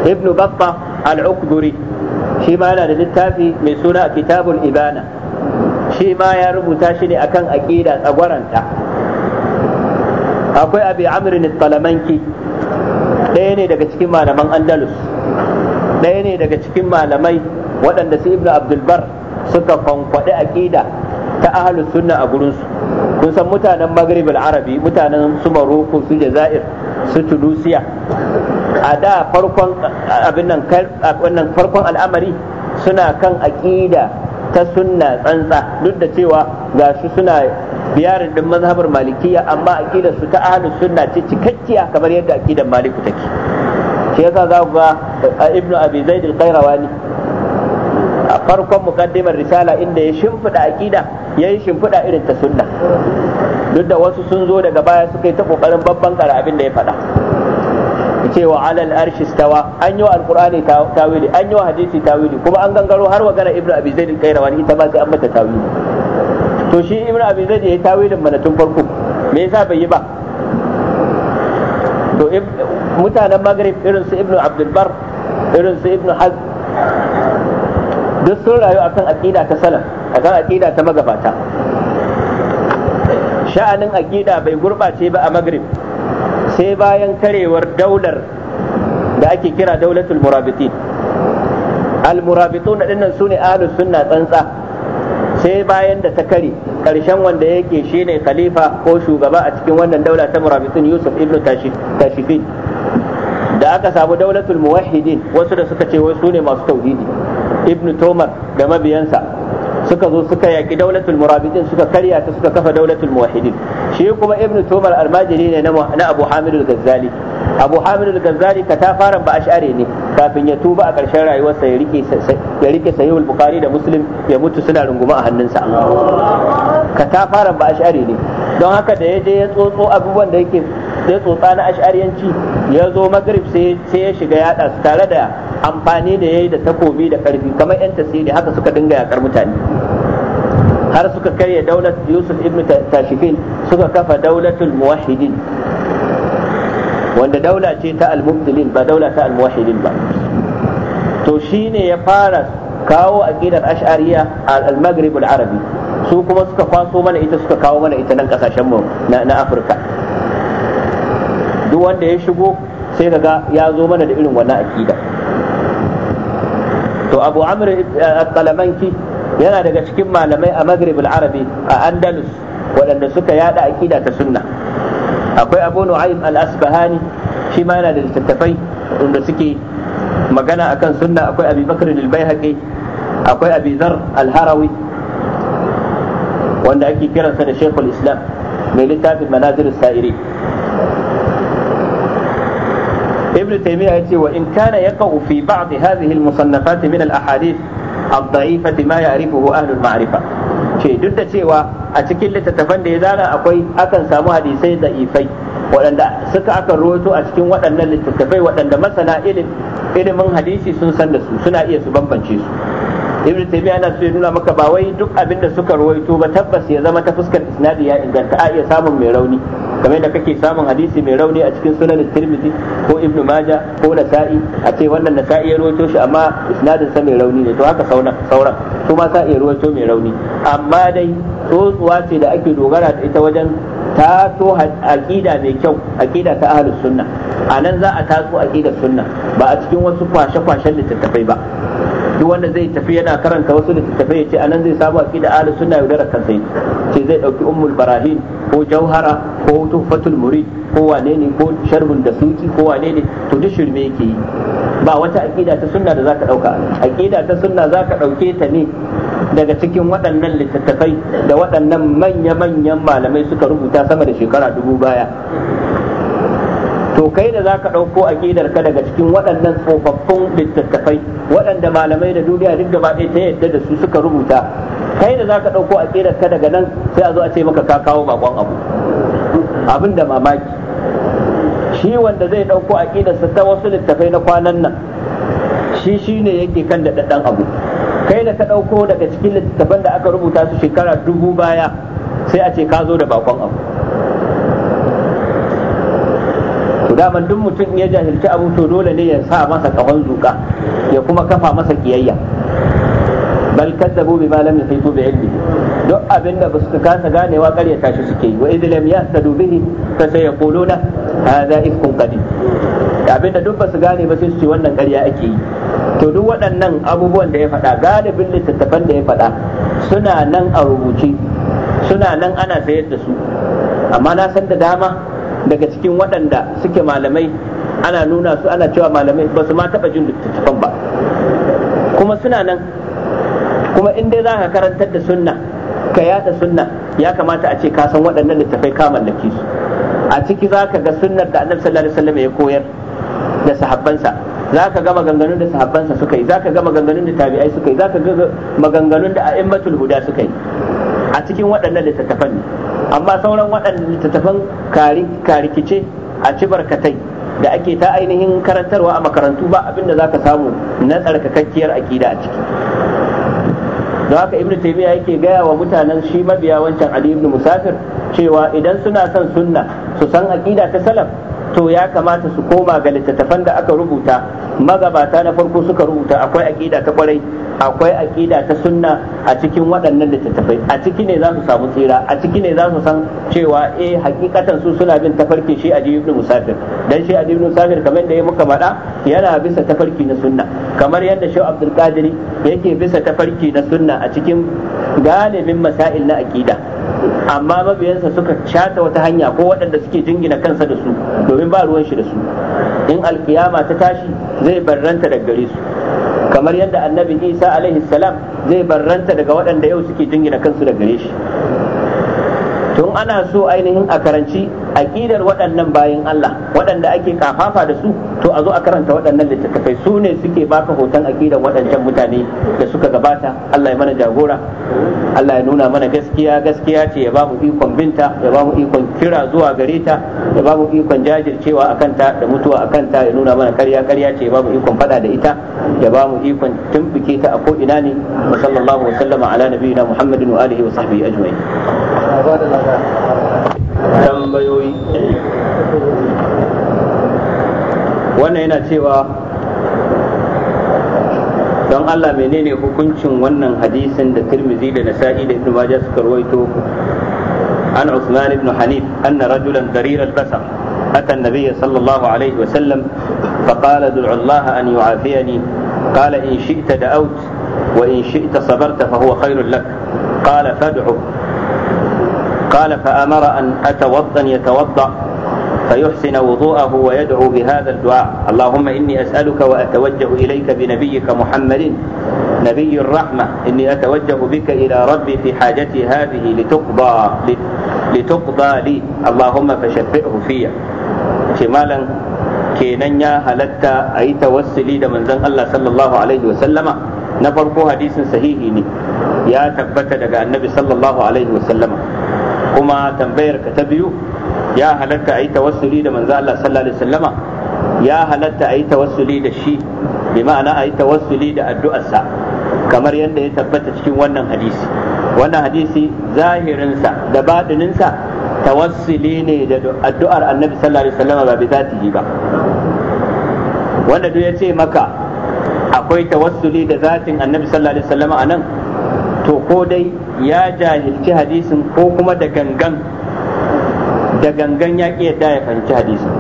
ibn batta al-ukduri shi ma yana da littafi mai suna kitabul ibana shi ma ya rubuta shi ne akan aqida tsagwaranta akwai abi amrin al-talamanki ɗaya ne daga cikin malaman andalus ɗaya ne daga cikin malamai waɗanda su ibn abdulbar suka kwankwaɗi aƙida ta ahalus sunna a gurinsu kun san mutanen maghrib arabi mutanen su maroko su jazair su tunusiya a da farkon abin nan farkon al'amari suna kan aƙida ta sunna tsantsa duk da cewa ga shi suna biyarin din mazhabar malikiya amma aƙidar su ta ahlus sunna ce cikakkiya kamar yadda aƙidar maliku take shi yasa za ku ga ibnu abi zaid al-qayrawani a farkon mukaddimar risala inda ya shimfida aqida yayi shimfida irin ta sunna duk da wasu sun zo daga baya suka yi ta kokarin babban kara abin da ya faɗa cewa alal arshi stawa an yi wa alqur'ani tawili an yi wa hadisi tawili kuma an gangaro har magana ibnu abi zaid al-qayrawani ita ba sai an mata tawili to shi ibnu abi zaid ya yi tawilin mana tun farko me yasa bai yi ba to mutanen magrib irin su ibnu abdulbar irin su ibnu haz duk sun rayu akan aqida ta salaf akan aqida ta magabata sha'anin aqida bai gurbace ba a magrib sai bayan karewar daular da ake kira daulatul murabitin al-murabitun dinnan sune ahli sunna tsantsa sai bayan da ta kare ƙarshen wanda yake shine khalifa ko shugaba a cikin wannan daula ta murabitun yusuf ibnu tashi da aka samu daulatul muwahhidin wasu da suka ce wai su ne masu tauhidi Ibn tomar da mabiyansa suka zo suka yaki daulatul murabitin suka karya ta suka kafa daulatul muwahhidin shi kuma ibnu tomar almajiri ne na abu hamid al-ghazali abu hamid al-ghazali katafaran ba ashare ne kafin ya tuba a ƙarshen rayuwarsa ya rike ya rike sahihul bukhari da muslim ya mutu suna runguma a hannunsa katafaran ba ashare ne don haka da ya je ya tsotso abubuwan da yake sai tsotsa na ash'ariyanci ya zo magrib sai ya shiga yada tare da amfani da yayi da takobi da karfi kamar yan tasiri haka suka dinga yakar mutane har suka karya daular yusuf ibn tashifin suka kafa daulatul muwahidin wanda daula ce ta al-mubtilin ba daula ta al ba to shine ya fara kawo aqidar ash'ariya al-maghrib al-arabi su kuma suka kwaso mana ita suka kawo mana ita nan kasashen mu na Afirka duk wanda ya shigo sai kaga ya zo mana da irin wannan akida to abu amr eh, al-qalamanki yana daga cikin malamai a maghrib al-arabi a andalus waɗanda suka yada akida ta sunna akwai abu nu'aym al-asbahani shi ma yana da littattafai wanda suke magana akan sunna akwai abi bakr al bayhaqi akwai abi zar al-harawi wanda ake kiransa da shaykhul islam mai littafin manazir sa'iri ibn taymiya yace wa in kana yaqa'u fi ba'd hadhihi al-musannafat min al-ahadith ad-da'ifati ma ya'rifuhu ahli duk da cewa a cikin littattafan da ya zana akwai akan samu hadisai da'ifai waɗanda suka aka roto a cikin waɗannan littattafai waɗanda masana ilimin hadisi sun san da su suna iya su bambance su ibn taymiya yana so ya nuna maka ba wai duk abin da suka rawaito ba tabbas ya zama ta fuskar isnadi ya inganta a iya samun mai rauni kamar da kake samun hadisi mai rauni a cikin sunan tirmidhi ko ibnu maja ko nasa'i a ce wannan nasa'i ya ruwaito shi amma isnadin sa mai rauni ne to haka sauran sauran su ma sa'i iya mai rauni amma dai tsotsuwa ce da ake dogara da ita wajen to aqida mai kyau aqida ta ahlus sunna anan za a taso aqidar sunna ba a cikin wasu kwashe-kwashen littattafai ba duk wanda zai tafi yana karanta wasu littattafai ya ce a nan zai samu aqida ala suna yaudara kansa sai ce zai ɗauki ummul barahin ko jauhara ko tuhfatul murid ko wane ne ko da dasuki ko wane ne to duk shirme yake yi ba wata aqida ta sunna da zaka dauka aqida ta sunna zaka dauke ta ne daga cikin waɗannan littattafai da waɗannan manya-manyan malamai suka rubuta sama da shekara dubu baya to kai da zaka ɗauko a ka daga cikin waɗannan tsofaffin littattafai waɗanda malamai da duniya duk gaba ɗaya ta yadda da su suka rubuta kai da zaka ɗauko a ka daga nan sai a zo a ce maka ka kawo bakon abu abin da mamaki shi wanda zai ɗauko a sa ta wasu littattafai na kwanan nan shi shi ne yake kan da ɗaɗɗan abu kai da ka ɗauko daga cikin littattafan da aka rubuta su shekara dubu baya sai a ce ka zo da bakon abu daman duk mutum ya jahilci abu to dole ne ya sa masa kahon zuka ya kuma kafa masa kiyayya bal kadzabu bima lam yuhitu bi ilmi duk abinda ba su kasa ganewa ta shi suke yi wa idh lam yahtadu bihi fa sayaquluna hadha ifkun qadim abinda duk ba su gane ba sai su ce wannan karya ake yi to duk waɗannan abubuwan da ya faɗa galibin littattafan da ya faɗa suna nan a rubuce suna nan ana sayar da su amma na san da dama daga cikin waɗanda suke malamai ana nuna su ana cewa malamai ba su ma taɓa jin littattafan ba kuma suna nan kuma in dai za ka karantar da sunna ka yada sunna ya kamata a ce ka san waɗannan littattafai ka mallake su a ciki za ka ga sunnar da annabi sallallahu alaihi wasallam ya koyar da sahabbansa za ka ga maganganun da sahabbansa suka yi za ka ga maganganun da tabi'ai suka yi za ka ga maganganun da a'immatul huda suka yi a cikin waɗannan littattafan ne amma sauran waɗanda littattafan karikice a ci barkatai da ake ta ainihin karantarwa a makarantu ba abin da za ka samu na tsarkakakkiyar akida a ciki Da haka ibn taymiya yake gaya wa mutanen shi mabiya wancan ali ibn musafir cewa idan suna son sunna su san aƙida ta salaf to ya kamata su koma ga littattafan da aka rubuta magabata na farko suka rubuta akwai aƙida ta kwarai akwai aƙida ta sunna a cikin waɗannan littattafai a ciki ne za su samu tsira a ciki ne za su san cewa eh hakikatan su suna bin tafarki shi a ibn musafir dan shi a ibn musafir kamar yadda ya muka faɗa yana bisa tafarki na sunna kamar yadda shi abdul yake bisa tafarki na sunna a cikin galibin masail na aƙida amma mabiyansa suka cata wata hanya ko waɗanda suke jingina kansa da su domin ba ruwan shi da su in alkiyama ta tashi zai barranta daga gare su kamar yadda annabi isa alaihi salam zai barranta daga waɗanda yau suke jingina kansu da gare shi tun ana so ainihin a karanci aƙidar waɗannan bayan Allah waɗanda ake kafafa da su to a zo a karanta waɗannan littattafai su ne suke baka hoton aƙidar waɗancan mutane da suka gabata Allah ya mana jagora Allah ya nuna mana gaskiya gaskiya ce ya bamu ikon binta ya bamu ikon kira zuwa gare ta ya bamu ikon jajircewa akan ta da mutuwa akan ta ya nuna mana ƙarya ƙarya ce ya bamu ikon faɗa da ita ya bamu ikon tumbuke ta a ko ina ne wa sallallahu wa sallama ala nabiyina Muhammadin wa alihi wa sahbihi ajma'in tambayoyi wannan yana cewa don Allah menene hukuncin wannan hadisin da Tirmidhi da Nasa'i da Ibn Majah suka rawaito an usman ibn Hanif anna rajulan darir al-basar ata an-nabiy sallallahu alaihi wa sallam فقال ادع الله أن يعافيني قال إن شئت دعوت وإن شئت صبرت فهو خير لك قال فادعه قال فأمر أن أتوضا يتوضأ فيحسن وضوءه ويدعو بهذا الدعاء اللهم إني أسألك وأتوجه إليك بنبيك محمد نبي الرحمة إني أتوجه بك إلى ربي في حاجتي هذه لتقضى لتقضى لي اللهم فشفئه فيا شمالا كينانيا هلتا أي توسلي yi tawassuli الله صلى الله عليه وسلم نفرق حديث صحيح يا تبت sahihi ne ya tabbata daga annabi kuma tambayar ka ta biyu ya halatta a yi tawassuli da manzo Allah sallallahu alaihi wasallama ya halatta a yi tawassuli da shi bi ma'ana a yi tawassuli da addu'arsa kamar yadda ya tabbata cikin wannan hadisi wannan hadisi zahirinsa da baɗininsa tawassuli ne da addu'ar annabi sallallahu alaihi wasallama ba bi zatihi ba wanda duk ya ce maka akwai tawassuli da zatin annabi sallallahu alaihi wasallama a nan to ko dai ya jahilci hadisin ko kuma da gangan da gangan ya ƙi ya fahimci hadisin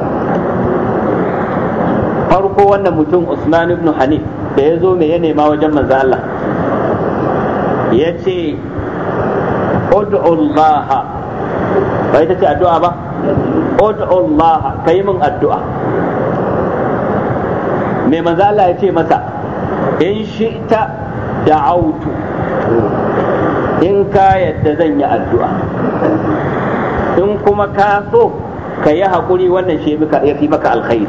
farko wannan mutum Usman ibn Hanif da ya zo mai ya nema wajen manzo Allah ya ce ud'ullaha ba ita ce addu'a ba ka yi min addu'a mai manzo Allah ya ce masa in shi ta da'autu in ka yadda zan yi addu'a in kuma ka so ka yi haƙuri wannan shi ya fi maka alkhairi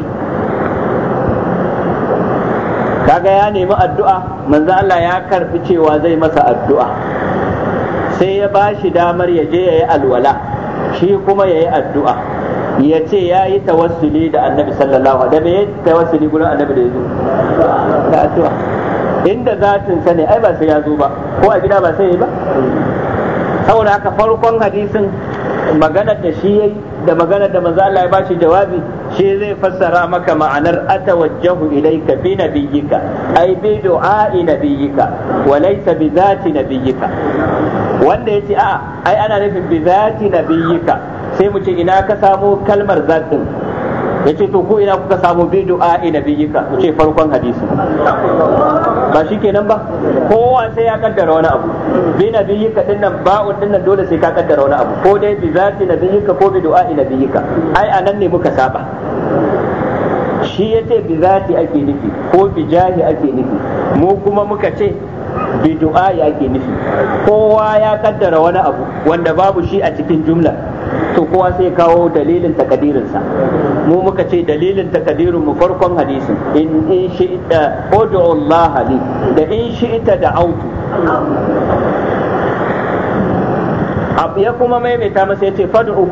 kaga ya nemi addu'a manzo Allah ya karfi cewa zai masa addu'a sai ya ba shi damar ya je ya yi alwala shi kuma ya yi addu'a ya ce ya yi tawassuli da annabi sallallahu alaihi wasallam ya yi tawassuli gurin annabi da ya zo da addu'a inda zatin sa ne ai ba sai ya zo ba ko a gida ba sai ba saboda haka farkon hadisin maganar da shi yayi da maganar da manzo Allah ya bashi jawabi shi zai fassara maka ma'anar atawajjahu ilayka bi nabiyyika ai bi du'a'i nabiyyika wa laysa bi zati nabiyyika wanda yace a ai ana nufin bi zati nabiyyika sai mu ce ina ka samo kalmar zatin yace to ko ina kuka samu bi du'a nabiyika ku ce farkon hadisi ba shi kenan ba kowa sai ya kaddara wani abu bi nabiyika din nan ba'un din nan dole sai ka kaddara wani abu ko dai bi zati nabiyika ko bi du'a nabiyika ai anan ne muka saba shi ya ce bi zati ake nufi ko bi jahi ake nufi mu kuma muka ce bidu'a yake ke nufi kowa ya kaddara wani abu wanda babu shi a cikin jumla to kowa sai kawo dalilin takadirinsa mu muka ce dalilin takadirin mu farkon hadisin in in shi'ta ud'u Allah li da in shi ita shi'ta Abu ya kuma maimaita masa yace fad'u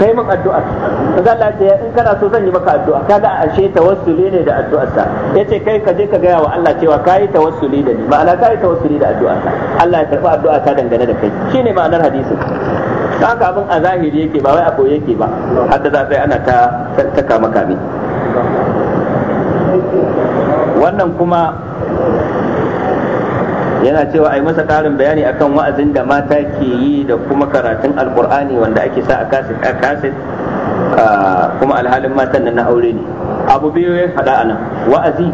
kai min addu'a kaga Allah ya in kana so zan yi maka addu'a kaga ashe tawassuli ne da addu'arsa yace kai ka je ka gaya wa Allah cewa kai tawassuli da ni ma'ana kai tawassuli da addu'arsa Allah ya karba ta dangane da kai shine ma'anar hadisin haka abin a zahiri yake ba wai a boye yake ba har da za sai ana ta ta kama kame wannan kuma yana cewa a yi masa ƙarin bayani akan wa'azin da mata ke yi da kuma karatun alkur'ani wanda ake sa a kasit a kasit kuma alhalin matan nan na aure ne abu biyu ya faɗa a nan wa'azi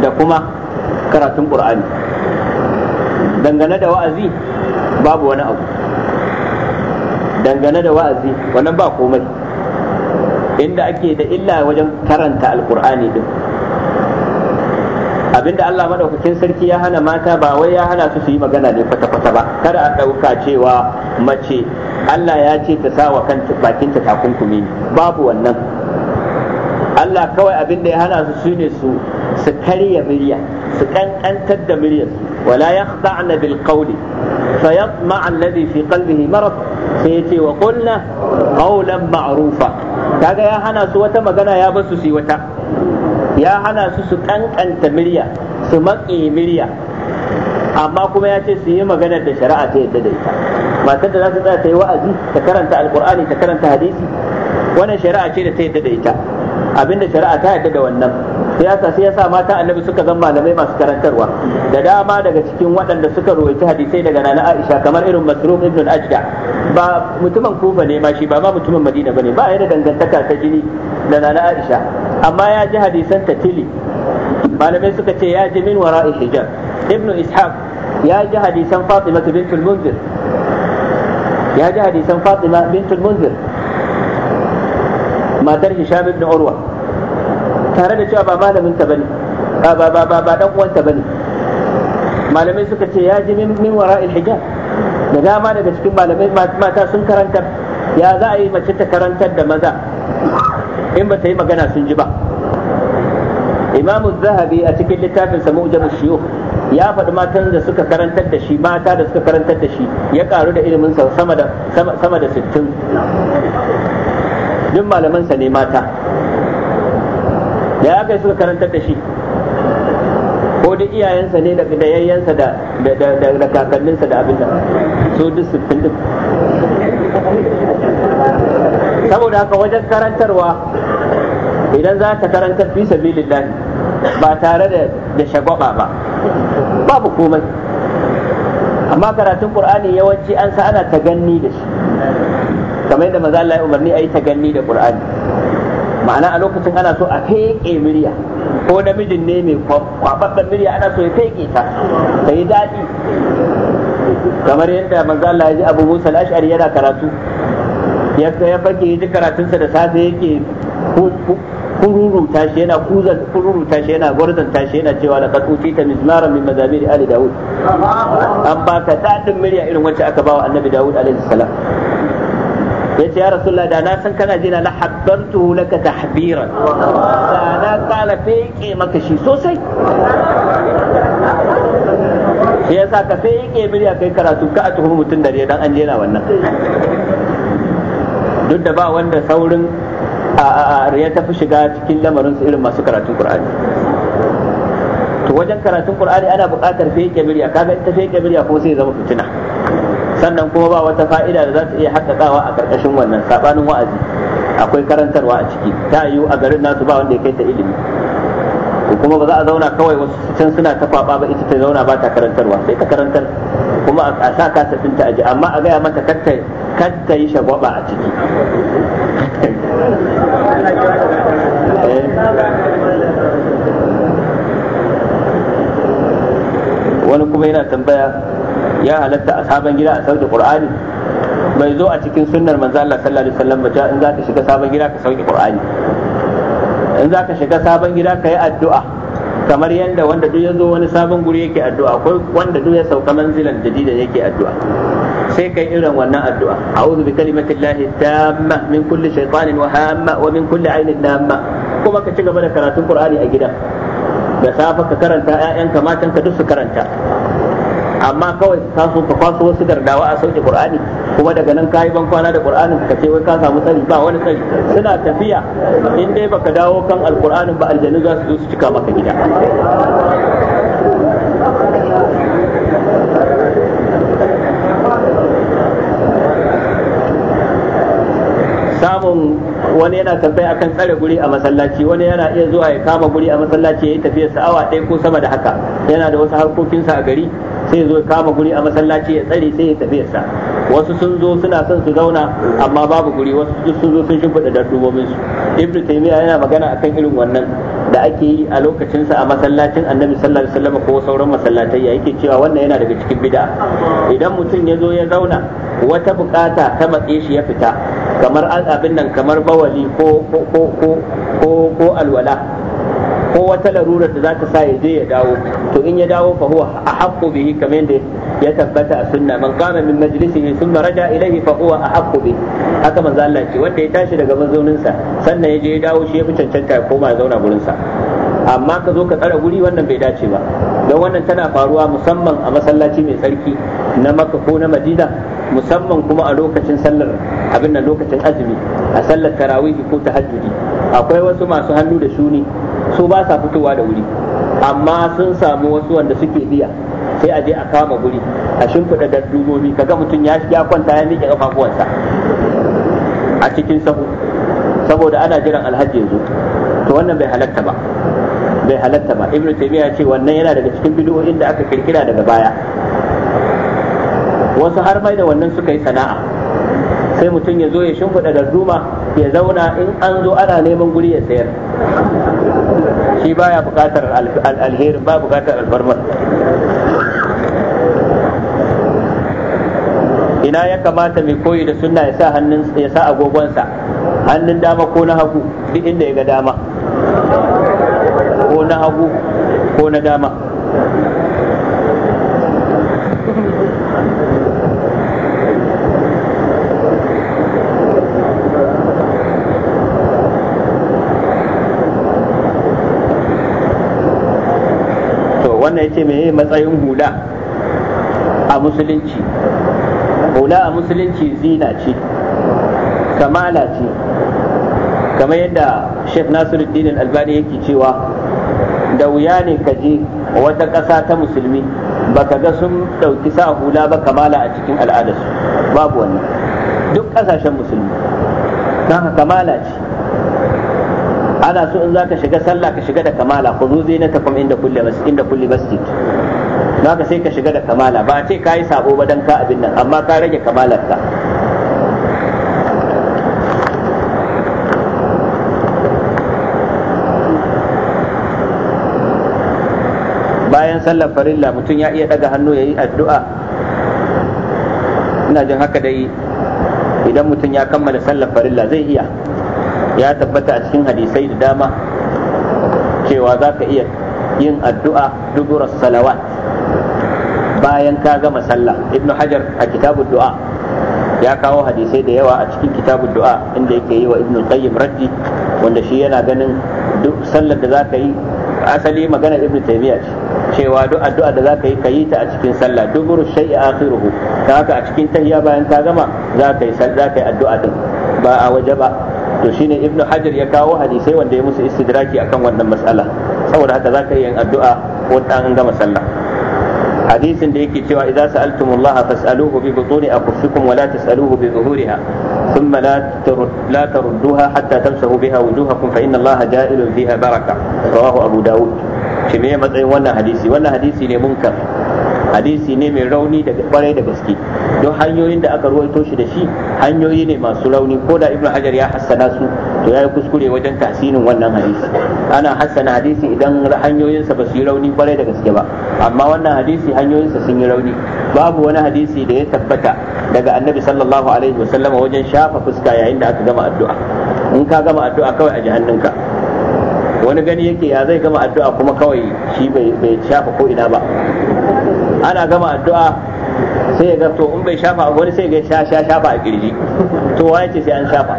da kuma karatun ƙur'ani dangane da wa'azi babu wani abu dangane da wa'azi wannan ba komai inda ake da illa wajen karanta alkur'ani din abinda Allah madaukakin sarki ya hana mata ba wai ya hana su su yi magana ne kwata kwata ba kada a ɗauka cewa mace Allah ya ce ta sa wa kanta bakinta takunkumi babu wannan Allah kawai abin da ya hana su shine su su karya murya su kankantar da murya wala yakhda'na bil qawli fi qalbihi marad sai yace wa qulna qawlan ma'rufa kaga ya hana su wata magana ya basu su yi wata ya hana su su kankanta murya su matse murya amma kuma ya ce su yi maganar da shari'a ta yadda da ita matar da za su tsaya ta yi wa'azi ta karanta alkur'ani ta karanta hadisi wannan shari'a ce da ta yadda da ita abinda shari'a ta yadda da wannan siyasa sai yasa mata annabi suka zama malamai masu karantarwa da dama daga cikin waɗanda suka rawaita hadisai daga nana Aisha kamar irin masrum ibn Ajda ba mutumin Kufa ne ma shi ba ma mutumin Madina bane ba ya da dangantaka ta jini da nana Aisha amma ya ji hadisan ta tili, malamai suka ce ya ji min wara'i hijab ibnu ishaq ya ji hadisan fatima bintul munzir ya ji hadisan fatima bintul munzir matar hisham ibn urwa tare da cewa ba malamin ta bane ba ba ba ba dan uwan ta bane malamai suka ce ya ji min wara'il hijab da dama daga cikin malamai mata sun karanta ya za a yi mace ta karantar da maza in ba ta yi magana sun ji ba imamu zahabi a cikin littafin samu mu'jam shiyu ya faɗi matan da suka karantar da shi mata da suka karantar da shi ya karu da ilimin sa sama da sama da 60 duk malaman sa ne mata da ya kai suka karantar da shi ko duk iyayensa ne da yayyensa da da kakanninsa da abin da su duk sittin duk saboda haka wajen karantarwa idan za ka karanta fi sabilillah ba tare da da shagwaba ba babu komai amma karatun qur'ani yawanci an sa ana taganni da shi kamar yadda maza Allah ya umarni ayi taganni da qur'ani ma'ana a lokacin ana so a feke murya ko namijin ne mai kwababban murya ana so ya feke ta ta yi daɗi kamar yadda manzo Allah ya ji Abu Musa al-Ash'ari yana karatu ya ya fake ji karatunsa da safe yake kururuta shi yana kuzan kururuta shi yana ta shi yana cewa laqad utita mizmaran min mazamir ali daud an ba ka dadin murya irin wacce aka bawa annabi daud alaihi salam yace ya rasulullah da na san kana jina la habbantu ta tahbiran da na kala feke maka shi sosai shi yasa ka feke murya kai karatu ka a tuhumi mutum dare dan an jena wannan duk da ba wanda saurin a riya ta shiga cikin lamarin su irin masu karatun Kur'ani. to wajen karatun qur'ani ana buƙatar fiye birya kaga ita fiye birya ko sai zama fitina sannan kuma ba wata fa'ida da za ta iya haƙaƙawa a ƙarƙashin wannan sabanin wa'azi akwai karantarwa a ciki ta yiwu a garin nasu ba wanda ya kai ta ilimi kuma ba za a zauna kawai wasu can suna ta kwaba ba ita ta zauna ba ta karantarwa sai ta karantar kuma a sa kasafin ta aji amma a gaya mata kar ta yi shagwaba a ciki Eh. wani kuma yana tambaya ya halatta a sabon gida a sauke qur'ani bai zo a cikin sunnar manzo Allah sallallahu alaihi wasallam ba in zaka shiga sabon gida ka sauke qur'ani in zaka shiga sabon gida ka yi addu'a kamar yadda wanda duk ya zo wani sabon guri yake addu'a akwai wanda duk ya sauka manzilan jadida yake addu'a sai kai irin wannan addu'a a'udhu bi kalimatillahi tamma min kulli shaytanin wa hamma wa min kulli ainin lamma kuma ka ci gaba da karatun qur'ani a gida da safa ka karanta ƴaƴanka matanka duk su karanta amma kawai ka so ka kwaso wasu gardawa a sauke qur'ani kuma daga nan kayi ban kwana da qur'anin ka ce wai ka samu tsari ba wani tsari suna tafiya in dai baka dawo kan alqur'anin ba aljanu za su zo su cika maka gida samun wani yana tambaya akan tsare guri a masallaci wani yana iya zuwa ya kama guri a masallaci ya yi tafiya sa'awa ɗaya ko sama da haka yana da wasu harkokinsa a gari sai zo ya kama guri a masallaci ya tsare sai ya tafiya sa wasu sun zo suna son su zauna amma babu guri wasu sun zo sun shimfiɗa dardubobin su ibn taymiya yana magana akan irin wannan da ake yi a lokacinsa a masallacin annabi sallallahu alaihi wasallam ko sauran masallatai ya yake cewa wannan yana daga cikin bid'a idan mutum ya zo ya zauna wata bukata ta matse shi ya fita kamar abin nan kamar bawali ko ko alwala ko wata larurar da za ta sa ya je ya dawo to in ya dawo fa huwa ahaqqu bihi kamar yadda ya tabbata a sunna man qama min majlisihi thumma raja ilayhi fa huwa haka manzo Allah ce wanda ya tashi daga mazaunin sa sannan ya je ya dawo shi ya fi cancanta ya koma ya zauna gurin sa amma ka zo ka tsara guri wannan bai dace ba don wannan tana faruwa musamman a masallaci mai tsarki na maka ko na madina musamman kuma a lokacin sallar abin nan lokacin azumi a sallar tarawihi ko tahajjudi akwai wasu masu hannu da shuni su ba sa fitowa da wuri amma sun samu wasu wanda suke biya sai a je a kama guri a shimfiɗa dubobi kaga mutum ya ya kwanta ya miƙe kafafuwansa a cikin sahu saboda ana jiran alhaji yanzu to wannan bai halatta ba bai halatta ba ibnu taymiya ce wannan yana daga cikin bid'o'in da aka kirkira daga baya wasu har mai da wannan suka yi sana'a sai mutum ya zo ya shimfiɗa darduma ya zauna in an zo ana neman guri ya sayar shi baya buƙatar alherin ba buƙatar albarmar ina ya kamata mai koyi da sunna ya sa hannun ya sa agogonsa hannun dama ko na hagu duk inda ya ga dama ko na hagu ko na dama wannan ce me matsayin hula a musulunci hula a musulunci zina ce kamala ce kamar yadda Sheikh Nasiruddin Albani yake cewa da wuya ne ka je wata ƙasa ta musulmi baka ga sun ɗauki sa hula ba kamala a cikin al'adarsu babu wannan duk ƙasashen musulmi kamala ce ana so in zaka shiga sallah ka shiga da kamala ku zuzi na takum inda kulli masjid inda kulli masjid zaka sai ka shiga da kamala ba a ce kai sabo ba dan ka abin nan amma ka rage kamalar ka bayan sallar farilla mutum ya iya daga hannu yayi addu'a ina jin haka dai idan mutum ya kammala sallar farilla zai iya ya tabbata a cikin hadisai da dama cewa za ka iya yin addu'a duburar salawat bayan ka gama sallah ibnu hajar a kitabun du'a ya kawo hadisai da yawa a cikin kitabun du'a inda yake yi wa ibnu qayyim raddi wanda shi yana ganin duk sallar da za ka yi asali magana ibnu taymiya ce cewa duk addu'a da za ka yi ka yi ta a cikin sallah duburu shay'i akhiruhu ta haka a cikin tahiyya bayan ka gama za ka yi addu'a din ba a waje ba to shine ibnu hajar ya kawo hadisai wanda ya musu istidraki akan wannan matsala saboda haka zaka yi addu'a ko dan an gama sallah hadisin da yake cewa idza sa'altumullaha fas'aluhu bi butuni akufikum wa la tas'aluhu bi zuhuriha ثم لا ترد لا تردوها حتى تمسحوا بها وجوهكم فإن الله جائل فيها بركة رواه أبو داود شبيه matsayin wannan hadisi wannan hadisi ne munkar hadisi ne mai rauni daga kwarai da gaske don hanyoyin da aka ruwaito shi da shi hanyoyi ne masu rauni ko da ibnu hajar ya hassana su to ya yi kuskure wajen tasinin wannan hadisi ana hassana hadisi idan hanyoyinsa ba su yi rauni kwarai da gaske ba amma wannan hadisi hanyoyinsa sun yi rauni babu wani hadisi da ya tabbata daga annabi sallallahu alaihi wasallama wajen shafa fuska yayin da aka gama addu'a in ka gama addu'a kawai a hannunka wani gani yake ya zai gama addu'a kuma kawai shi bai shafa ko ina ba ana gama addu'a sai ya ga to in bai shafa a wani sai ga sha sha shafa a kirji to waye ce sai an shafa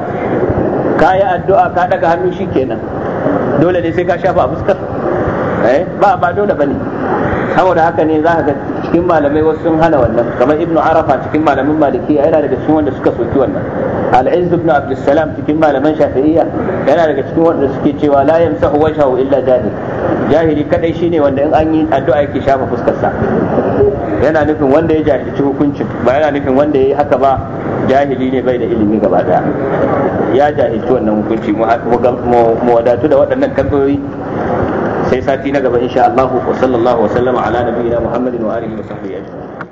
ka yi addu'a ka daga hannu shi kenan dole ne sai ka shafa a fuskar eh ba ba dole bane saboda haka ne za ka ga cikin malamai wasu sun hana wannan kamar ibnu arafa cikin malamin maliki yana daga cikin wanda suka soki wannan al-izz ibn abdussalam cikin malaman shafi'iyya yana daga cikin wanda suke cewa la yamsahu wajhahu illa jahil jahili kadai shine wanda in an yi addu'a yake shafa fuskar sa yana nufin wanda ya jahilci hukuncin ba yana nufin wanda ya yi haka ba jahili ne bai da ilimi gaba daya ya jahilci wannan hukunci mu wadatu da waɗannan tambayoyi sai sati na gaba insha Allah wa sallallahu wa sallama ala nabiyina Muhammadin wa alihi wa sahbihi